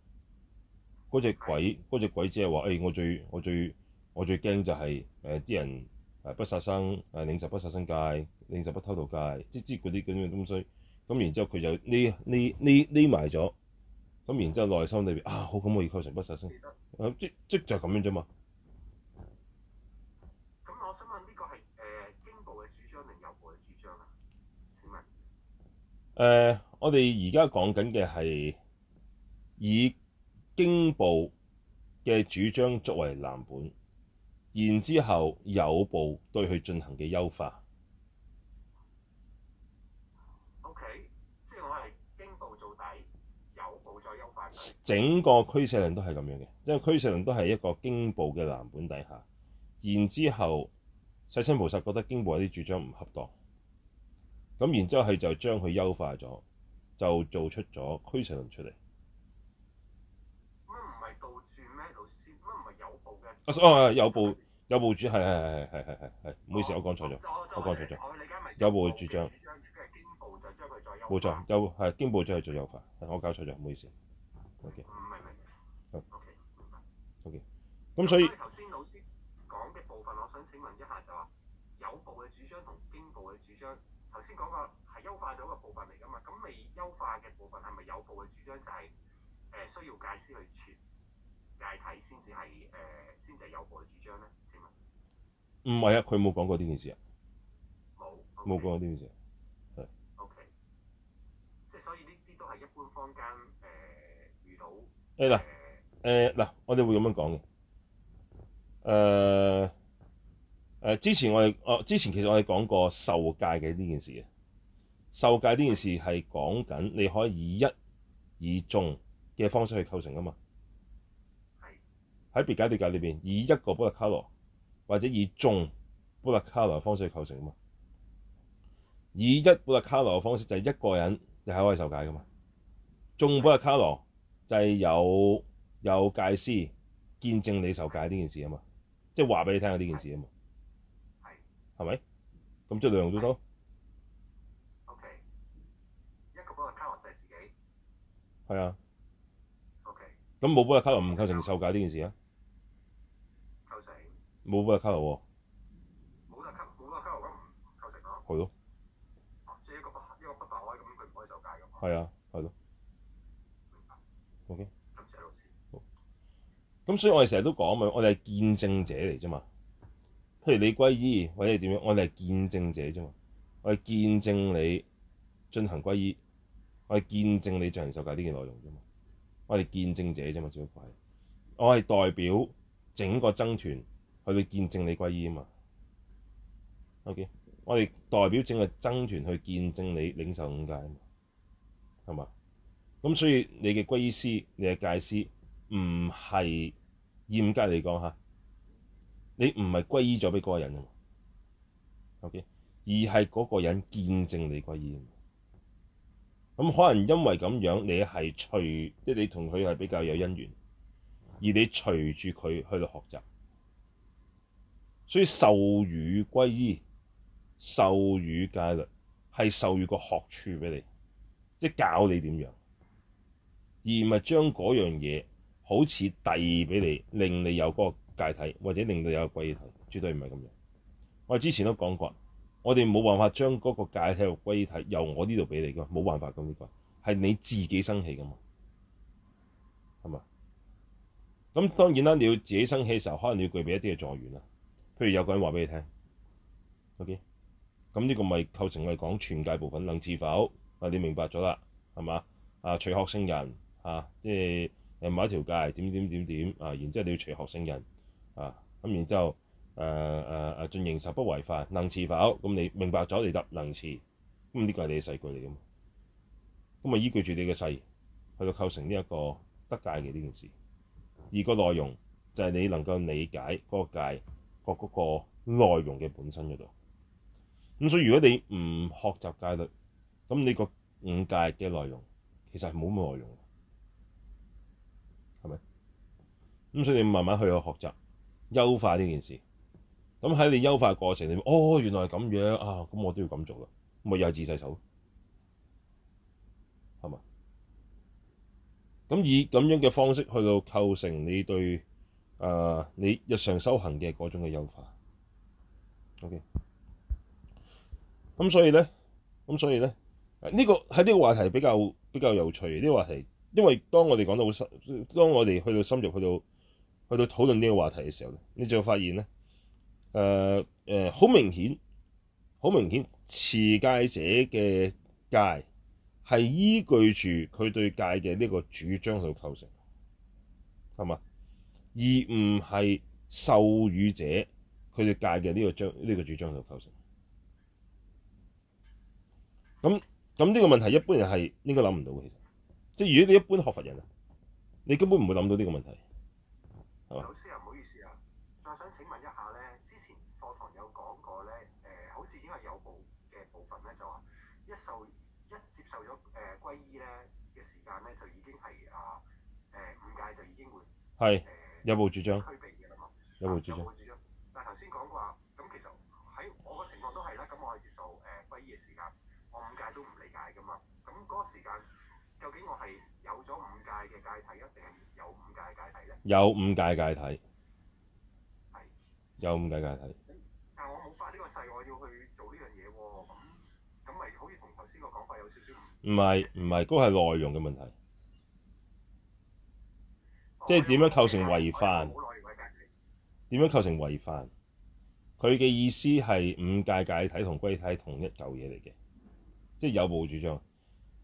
嗰隻鬼，嗰隻鬼只係話：誒、欸，我最我最我最驚就係誒啲人誒不殺生，誒，令十不殺生戒，令十不偷盜戒，即係啲咁樣嘅東西。咁然之後佢就匿匿匿匿埋咗。咁然之後內心裏邊啊，好可，咁可以構成不殺生，的即即就係咁樣啫嘛。咁我想問呢、這個係誒經部嘅主張定有部嘅主張啊？請問誒，我哋而家講緊嘅係。以經部嘅主張作為藍本，然之後有部對佢進行嘅優化。O.K.，即係我係經部做底，有部再優化。整個俱舍論都係咁樣嘅，即係俱舍論都係一個經部嘅藍本底下，然之後世親菩薩覺得經部有啲主張唔恰當，咁然之後佢就將佢優化咗，就做出咗俱舍論出嚟。啊，有部有部主係係係係係係係係，唔好意思，我講錯咗，我講錯咗，有部嘅主張，冇錯，又係經部主去做優化，我搞錯咗，唔好意思。OK。唔係唔係。OK。OK。咁所以頭先老師講嘅部分，我想請問一下就話有部嘅主張同經部嘅主張，頭先講個係優化咗嘅部分嚟㗎嘛，咁未優化嘅部分係咪有部嘅主張就係誒需要戒師去傳？戒體先至係誒，先、呃、至有個主張咧。請問唔係啊？佢冇講過呢件事啊，冇冇講過呢件事、啊。係 OK，即係所以呢啲都係一般坊間誒、呃、遇到誒嗱誒嗱，我哋會咁樣講嘅誒誒。之前我哋我之前其實我哋講過受戒嘅呢件事嘅受戒呢件事係講緊你可以以一以眾嘅方式去構成啊嘛。喺別解脫戒裏邊，以一個補特伽羅或者以眾補特伽羅方式去構成啊嘛。以一補特伽羅嘅方式就一個人就係可以受戒噶嘛。眾補特伽羅就係有有戒師見證你受戒呢件事啊嘛，即係話畀你聽下呢件事啊嘛。係的。係咪？咁即係兩樣都。O K。Okay. 一個補特伽羅就係自己。係啊的。O K。咁冇補特伽羅唔構成受戒呢件事啊？冇冇佢卡路、啊，冇得卡冇得卡路咁唔夠成咯。係咯、啊，即係一個一、這個不法開咁，佢唔可以受戒㗎嘛。係啊，係咯。O K，咁所以，我哋成日都講嘛，我哋係見證者嚟啫嘛。譬如你皈依或者點樣，我哋係見證者啫嘛。我哋見證你進行皈依，我哋見證你進行受戒呢個內容啫嘛。我哋見證者啫嘛，只不過係我係代表整個僧團。去去見證你歸依啊嘛。O.K. 我哋代表整個僧團去見證你領受五戒啊，係嘛？咁所以你嘅歸依師、你嘅戒師，唔係嚴格嚟講吓，你唔係歸依咗俾嗰個人啊嘛。O.K. 而係嗰個人見證你歸依嘛。咁可能因為咁樣，你係隨即你同佢係比較有因緣，而你隨住佢去到學習。所以授與歸依、授與戒律，係授與個學處俾你，即係教你點樣，而唔係將嗰樣嘢好似遞俾你，令你有嗰個戒體或者令你有個歸依體，絕對唔係咁樣。我之前都講過，我哋冇辦法將嗰個戒體、歸依體由我呢度俾你噶，冇辦法噶呢、這個係你自己生氣噶嘛，係咪？咁當然啦，你要自己生氣嘅時候，可能你要具備一啲嘅助緣啦。譬如有個人話俾你聽，OK，咁、嗯、呢、這個咪構成我係講全戒部分能持否啊？你明白咗啦，係嘛啊？隨學聖人啊，即係誒某一條戒點點點點啊，然之後你要隨學聖人啊，咁然之後誒誒誒盡形壽不違法，能持否？咁、嗯、你明白咗，你答能持咁呢個係你嘅誓句嚟噶嘛？咁、嗯、啊，依據住你嘅誓去到構成呢、這、一個得戒嘅呢件事，而個內容就係、是、你能夠理解嗰個戒。各嗰個內容嘅本身嗰度，咁所以如果你唔學習戒律，咁你個五戒嘅內容其實係冇乜內容，係咪？咁所以你慢慢去學習優化呢件事，咁喺你優化過程裏面，哦，原來係咁樣啊，咁我都要咁做啦，咪又係自細手，係咪？咁以咁樣嘅方式去到構成你對。誒，uh, 你日常修行嘅嗰種嘅修法，OK。咁所以咧，咁所以咧，呢、這個喺呢個話題比較比較有趣。呢、這個話題，因為當我哋講到深，當我哋去到深入，去到去到討論呢個話題嘅時候咧，你就會發現咧，誒、呃、誒，好、呃、明顯，好明顯，持戒者嘅戒係依據住佢對戒嘅呢個主張去構成，係嘛？而唔係授與者佢哋界嘅呢個章呢、呢個主張就構成。咁咁呢個問題一般人係應該諗唔到嘅，其實，即係如果你一般學佛人啊，你根本唔會諗到呢個問題，老師、啊？有唔好意思啊，再想請問一下咧，之前課堂有講過咧，誒、呃、好似因為有部嘅部分咧就話，一受一接受咗誒皈依咧嘅時間咧，就已經係啊誒五戒就已經會係、呃有冇主張？有冇主張？有冇主張？但係頭先講過話，咁其實喺我個情況都係咧，咁我係接受誒皈依嘅時間，我五戒都唔理解噶嘛。咁嗰個時間究竟我係有咗五戒嘅戒體啊，定係有五戒戒體咧？有五戒戒體。係。有五戒戒體。但係我冇發呢個誓，我要去做呢樣嘢喎。咁咁咪好似同頭先個講法有少少唔？唔係唔係，嗰係內容嘅問題。即係點樣構成違犯？點樣構成違犯？佢嘅意思係五戒戒體同歸體同一嚿嘢嚟嘅，即係有部主張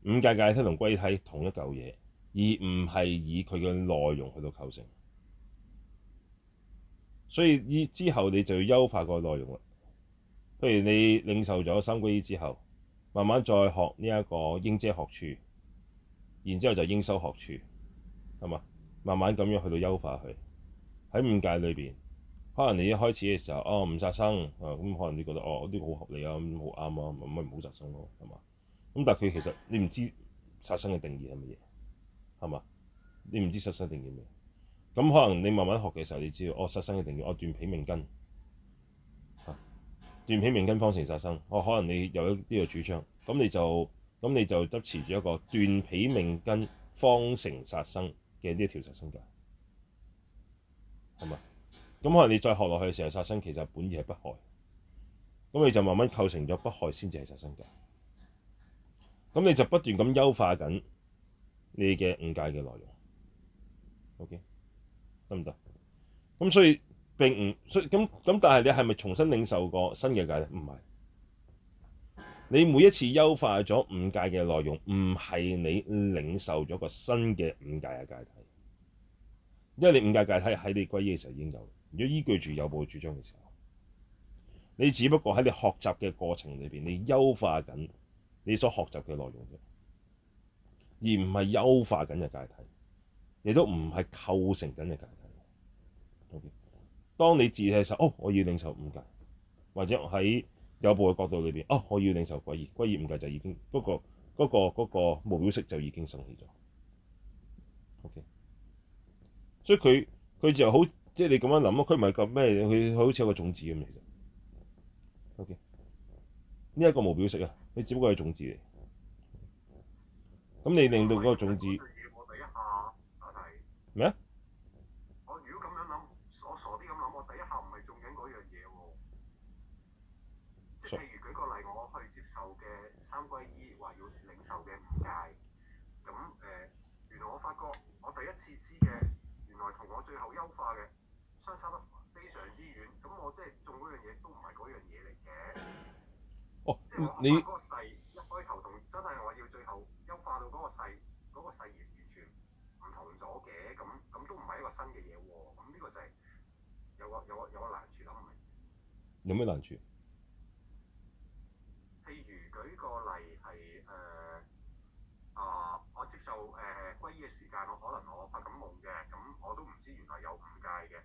五戒戒體同歸體同一嚿嘢，而唔係以佢嘅內容去到構成。所以以之後你就要優化個內容啦。譬如你領受咗三歸之後，慢慢再學呢一個英姐學處，然之後就應受學處，係嘛？慢慢咁樣去到優化佢喺五戒裏邊，可能你一開始嘅時候哦唔殺生啊，咁、嗯、可能你覺得哦呢、這個好合理啊，咁好啱啊，咪咪唔好殺生咯、啊，係嘛？咁但係佢其實你唔知殺生嘅定義係乜嘢，係嘛？你唔知殺生定義咩？咁、嗯、可能你慢慢學嘅時候，你知道哦殺生嘅定義，我、哦、斷彼命根嚇、啊、斷彼命根方成殺生。哦，可能你有一啲嘅主張，咁你就咁你就執持住一個斷彼命根方成殺生。嘅呢一條殺生戒，係咪？咁可能你再學落去，成日殺生，其實本意係不害，咁你就慢慢構成咗不害先至係殺生戒。咁你就不斷咁優化緊你嘅五戒嘅內容。O.K. 得唔得？咁所以並唔，所以咁咁，但係你係咪重新領受過新嘅戒？唔係。你每一次優化咗五戒嘅內容，唔係你領受咗個新嘅五戒嘅戒體，因為你五戒戒體喺你歸依嘅時候已經有。如果依據住有部主張嘅時候，你只不過喺你學習嘅過程裏邊，你優化緊你所學習嘅內容啫，而唔係優化緊嘅戒體，亦都唔係構成緊嘅戒體。當你自嘅時候，哦，我要領受五戒，或者喺有部嘅角度裏邊，哦，我要領受歸二歸二唔計就已經，不過嗰個嗰個無表色就已經升起咗。OK，所以佢佢就好，即係你咁樣諗咯。佢唔係咁咩？佢好似有個種子咁其實。O K，呢一個無表色啊，你只不過係種子嚟，咁你令到嗰個種子咩啊？相差得非常之遠，咁我即係中嗰樣嘢都唔係嗰樣嘢嚟嘅。哦，即係我講嗰個細一開頭同真係我話要最後優化到嗰個細嗰、嗰個細完全唔同咗嘅，咁咁都唔係一個新嘅嘢喎。咁呢個就係有個有個有個難處咯，係咪？有咩難處？就誒、 <music> 嗯、皈依嘅時間，我可能我發緊夢嘅，咁我都唔知原來有五戒嘅。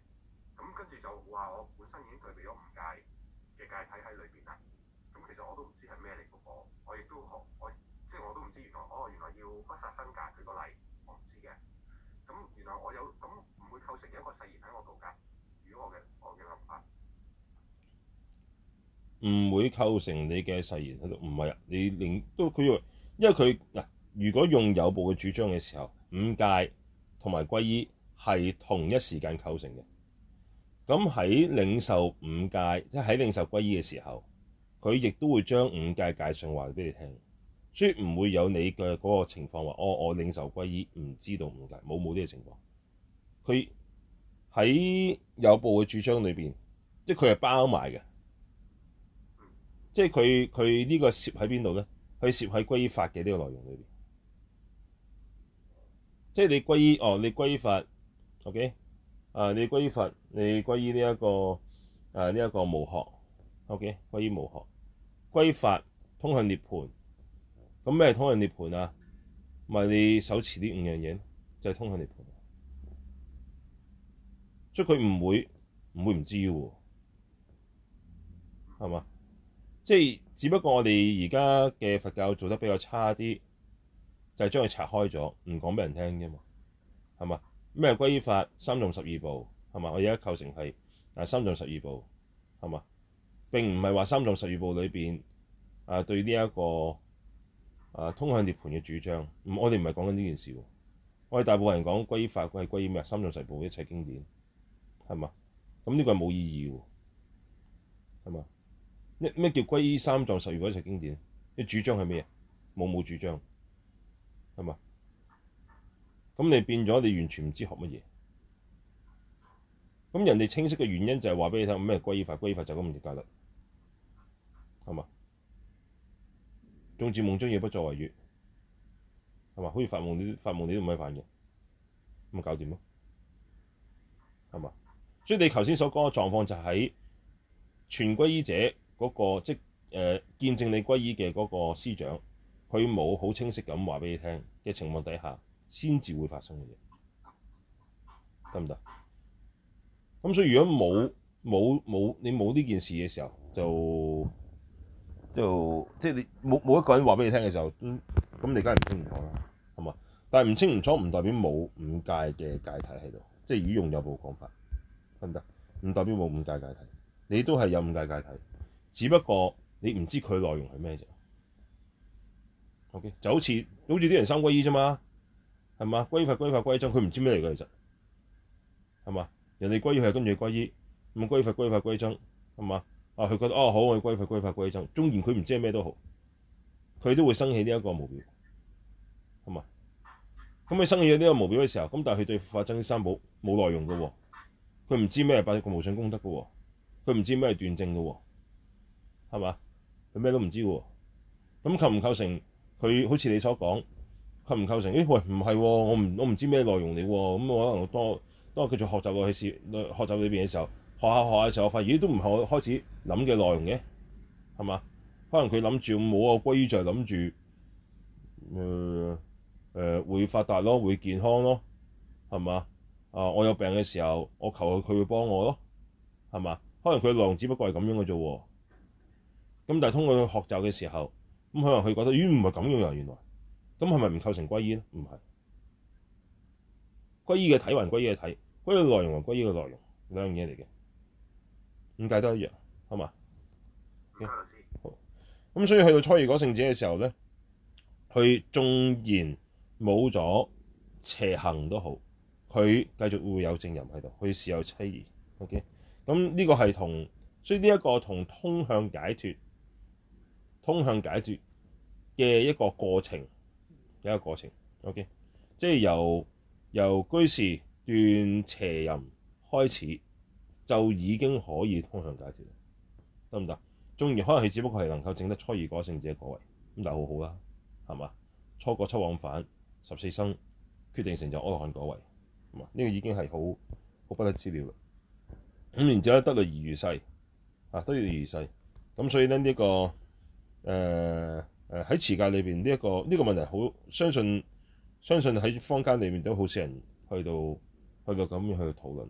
咁跟住就話我本身已經具備咗五戒嘅戒體喺裏邊啊。咁其實我，我都唔知係咩嚟嘅我，我亦都學我，即係我都唔知原來哦，我原來要不殺生戒舉個例，我唔知嘅。咁原來我有咁唔會構成一個誓言喺我度㗎。如果我嘅我嘅諗法，唔會構成你嘅誓言喺度。唔係啊，你令都佢以為，因為佢嗱。如果用有部嘅主張嘅時候，五戒同埋歸依係同一時間構成嘅。咁喺領受五戒，即係喺領受歸依嘅時候，佢亦都會將五戒介紹話畀你聽，所以唔會有你嘅嗰個情況話：我我領受歸依唔知道五戒，冇冇呢個情況。佢喺、哦、有部嘅主張裏邊，即係佢係包埋嘅，即係佢佢呢個攝喺邊度咧？佢攝喺歸依法嘅呢個內容裏邊。即係你皈依哦，你皈依佛，OK，啊，你皈依佛，你皈依呢、這、一個啊，呢、這、一個無學，OK，皈依無學，歸法，通向涅槃。咁咩係通向涅槃啊？咪你手持呢五樣嘢，就係、是、通向涅槃。即係佢唔會唔會唔知喎，係嘛？即係只不過我哋而家嘅佛教做得比較差啲。就係將佢拆開咗，唔講俾人聽啫嘛，係嘛？咩歸依法，三藏十二部係嘛？我而家構成係誒，三藏十二部係嘛？並唔係話三藏十二部裏邊誒，對呢、這、一個誒、啊、通向涅槃嘅主張，我哋唔係講緊呢件事喎。我哋大部分人講歸依法歸，歸係歸於咩三藏十二部一切經典係嘛？咁呢個係冇意義喎，係嘛？咩咩叫歸依三藏十二部一切經典？你主張係咩啊？冇冇主張。係嘛？咁你變咗，你完全唔知學乜嘢。咁人哋清晰嘅原因就係話俾你聽，咩歸依法，歸依法就係嗰五條戒律。係嘛？縱使夢中亦不作為語，係嘛？好似發夢啲發夢你都唔可以犯嘅，咁咪搞掂咯。係嘛？所以你頭先所講嘅狀況就喺全歸依者嗰、嗰個，即係誒、呃、見證你歸依嘅嗰個師長，佢冇好清晰咁話俾你聽嘅情況底下，先至會發生嘅嘢，得唔得？咁所以如果冇冇冇你冇呢件事嘅時候，就就即係你冇冇一個人話俾你聽嘅時候，咁、嗯、咁你梗係唔清唔楚啦，係嘛？但係唔清唔楚唔代表冇五戒嘅戒體喺度，即係語用有部講法，得唔得？唔代表冇五戒戒體，你都係有五戒戒體，只不過你唔知佢內容係咩啫。Okay. 就好似好似啲人三皈依啫嘛，係嘛？皈佛、皈法、皈僧，佢唔知咩嚟噶。其實係嘛？人哋皈依係跟住皈依咁，皈佛、皈法、皈僧係嘛？啊，佢覺得哦好，我皈佛、皈法、皈僧。縱然佢唔知係咩都好，佢都會生起呢一個目標係嘛？咁佢生起呢個目標嘅時候，咁但係佢對佛法僧三寶冇內容嘅喎，佢唔知咩係八個無上功德嘅喎，佢唔知咩係斷證嘅喎，係嘛？佢咩都唔知喎，咁構唔構成？佢好似你所講，構唔構成？咦、欸？喂，唔係、哦、我唔我唔知咩內容嚟咁、哦嗯。我可能當我當我繼續學習個氣事，學習裏邊嘅時候，學下學下嘅時候，我發現咦都唔係我開始諗嘅內容嘅，係嘛？可能佢諗住冇個規則，諗住誒誒會發達咯，會健康咯，係嘛？啊、呃，我有病嘅時候，我求佢佢會幫我咯，係嘛？可能佢內容只不過係咁樣嘅啫喎。咁但係通過佢學習嘅時候。咁可能佢覺得，咦唔係咁樣呀，原來。咁係咪唔構成歸依咧？唔係。歸依嘅體還歸依嘅體，歸依嘅內容還歸依嘅內容，兩樣嘢嚟嘅。境界都一樣，好嘛？好。咁所以去到初二果聖者嘅時候咧，佢縱然冇咗邪行都好，佢繼續會有正淫喺度，佢係有妻兒。OK、嗯。咁、這、呢個係同，所以呢一個同通向解脫。通向解脫嘅一個過程，一個過程。O.K.，即係由由居士斷邪淫開始，就已經可以通向解脫。得唔得？縱然可能佢只不過係能夠整得初二果聖者果位咁，但係好好啦，係嘛？初果、初往返、十四生，決定成就阿羅漢果位。咁啊，呢、這個已經係好好不得之了啦。咁然之後得律儀如誓啊，得律儀如誓咁，所以咧呢、這個。誒誒喺時界裏邊呢一個呢個問題，好相信相信喺坊間裏面都好少人去到去到咁樣去討論，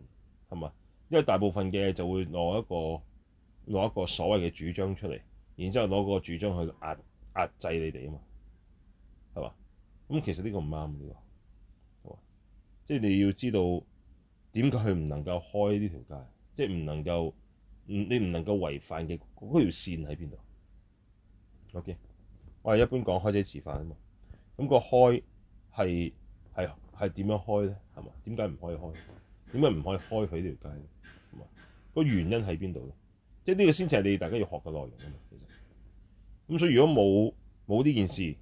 係嘛？因為大部分嘅就會攞一個攞一個所謂嘅主張出嚟，然之後攞個主張去壓壓制你哋啊嘛，係嘛？咁其實呢個唔啱嘅喎，即係你要知道點解佢唔能夠開呢條街，即係唔能夠唔你唔能夠違反嘅嗰條線喺邊度？OK，我係一般講開遮持犯啊嘛，咁、那個開係係係點樣開咧？係嘛？點解唔可以開？點解唔可以開佢呢條街呢？係嘛？個原因喺邊度咯？即係呢個先至係你大家要學嘅內容啊嘛。其實，咁所以如果冇冇呢件事，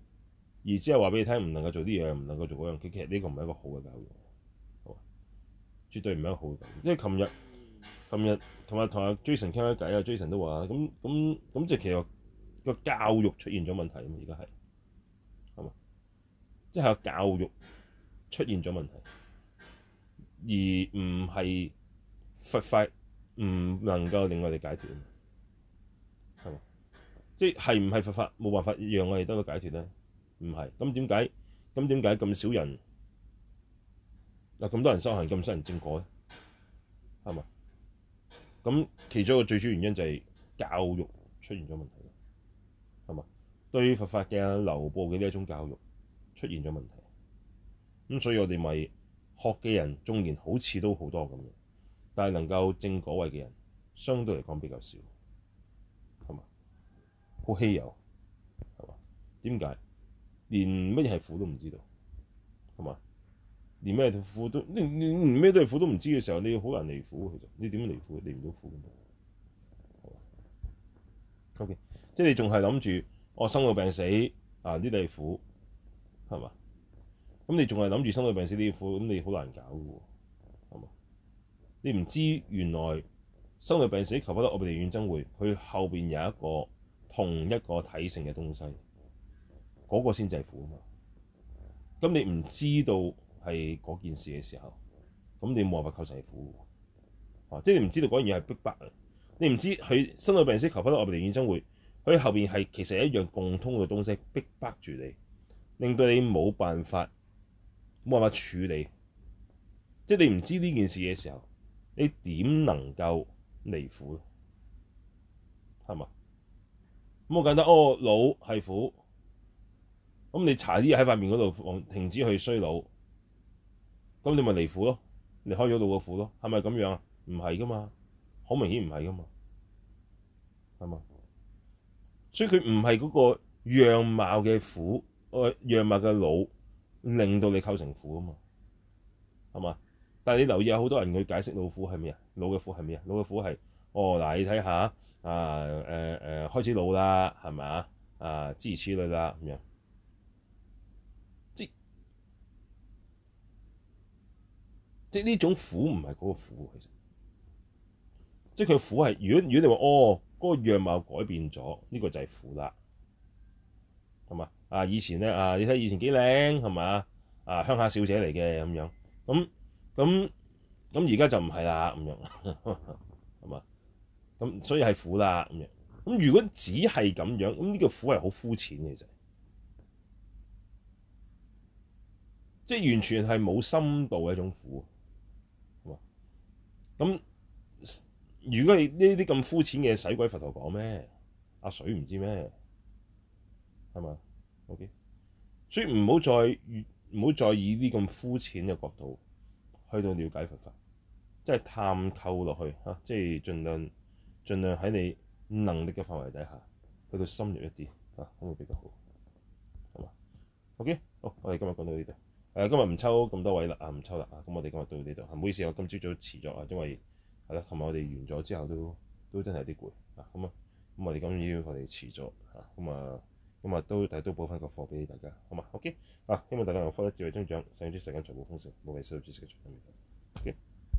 而只係話俾你聽唔能夠做啲嘢，唔能夠做嗰樣，其實呢個唔係一個好嘅教育，係嘛？絕對唔係一個好嘅教育。因為琴日、琴日、琴日同阿 Jason 傾一偈啊，Jason 都話：咁咁咁即係其實。個教育出現咗問題啊！嘛，而家係係嘛，即係個教育出現咗問題，而唔係佛法唔能夠令我哋解脱啊！係嘛，即係係唔係佛法冇辦法讓我哋得到解脱咧？唔係咁點解咁點解咁少人嗱咁多人修行咁多人證果咧？係嘛，咁其中一個最主要原因就係教育出現咗問題。對於佛法嘅流布嘅呢一種教育出現咗問題，咁所以我哋咪學嘅人縱然好似都好多咁樣，但係能夠正果位嘅人相對嚟講比較少，係嘛？好稀有，係嘛？點解？連乜嘢係苦都唔知道，係嘛？連咩苦都你你連咩都係苦都唔知嘅時候，你好難離苦嘅，其實，你點樣離苦？你離唔到苦嘅。OK，即係你仲係諗住，我生老病死啊，呢啲係苦係嘛？咁你仲係諗住生老病死呢啲苦，咁你好難搞嘅喎，係嘛？你唔知原來生老病死求不得愛別離怨憎會，佢後邊有一個同一個體性嘅東西，嗰、嗰個先至係苦啊嘛。咁你唔知道係嗰件事嘅時候，咁你冇辦法求制苦嘅，啊！即係你唔知道嗰樣嘢係逼迫你，唔知佢生老病死求不得愛別離怨憎會。佢後邊係其實係一樣共通嘅東西，逼迫住你，令到你冇辦法，冇辦法處理，即係你唔知呢件事嘅時候，你點能夠離苦咯？係嘛？咁我簡單。哦，老係苦，咁你查啲嘢喺塊面嗰度，停止去衰老，咁你咪離苦咯，你開咗老嘅苦咯，係咪咁樣啊？唔係噶嘛，好明顯唔係噶嘛，係嘛？所以佢唔係嗰個樣貌嘅苦，哦、呃、樣貌嘅老，令到你構成苦啊嘛，係嘛？但係你留意有好多人去解釋老虎係咩、哦、啊？老嘅苦係咩啊？老嘅苦係哦嗱，你睇下啊誒誒開始老啦，係咪？啊？諸如此類啦咁樣，即即呢種苦唔係嗰個苦其實，即係佢苦虎係，如果如果你話哦。嗰個樣貌改變咗，呢個就係苦啦，係嘛？啊，以前咧啊，你睇以前幾靚，係嘛？啊鄉下小姐嚟嘅咁樣，咁咁咁而家就唔係啦，咁樣係嘛？咁 <laughs> 所以係苦啦，咁樣咁如果只係咁樣，咁呢個苦係好膚淺嘅，其實，即係完全係冇深度嘅一種苦，係嘛咁。如果係呢啲咁膚淺嘅洗鬼佛陀講咩？阿、啊、水唔知咩係嘛？OK，所以唔好再唔好再以呢啲咁膚淺嘅角度去到了解佛法，即係探求落去嚇、啊，即係盡量盡量喺你能力嘅範圍底下去到深入一啲嚇，咁、啊、會比較好係嘛？OK，好，我哋今日講到呢度誒，今日唔抽咁多位啦啊，唔抽啦啊，咁我哋今日到呢度嚇，唔好意思，我今朝早遲咗啊，因為。同埋我哋完咗之後都都真係有啲攰啊，咁啊咁我哋今日要我哋遲咗吓，咁啊咁啊都但都補翻個貨俾大家，好嘛？OK，啊，希望大家能夠獲得智慧增長，善用啲時間財富豐盛，冇遺失到知識嘅財富。o、okay?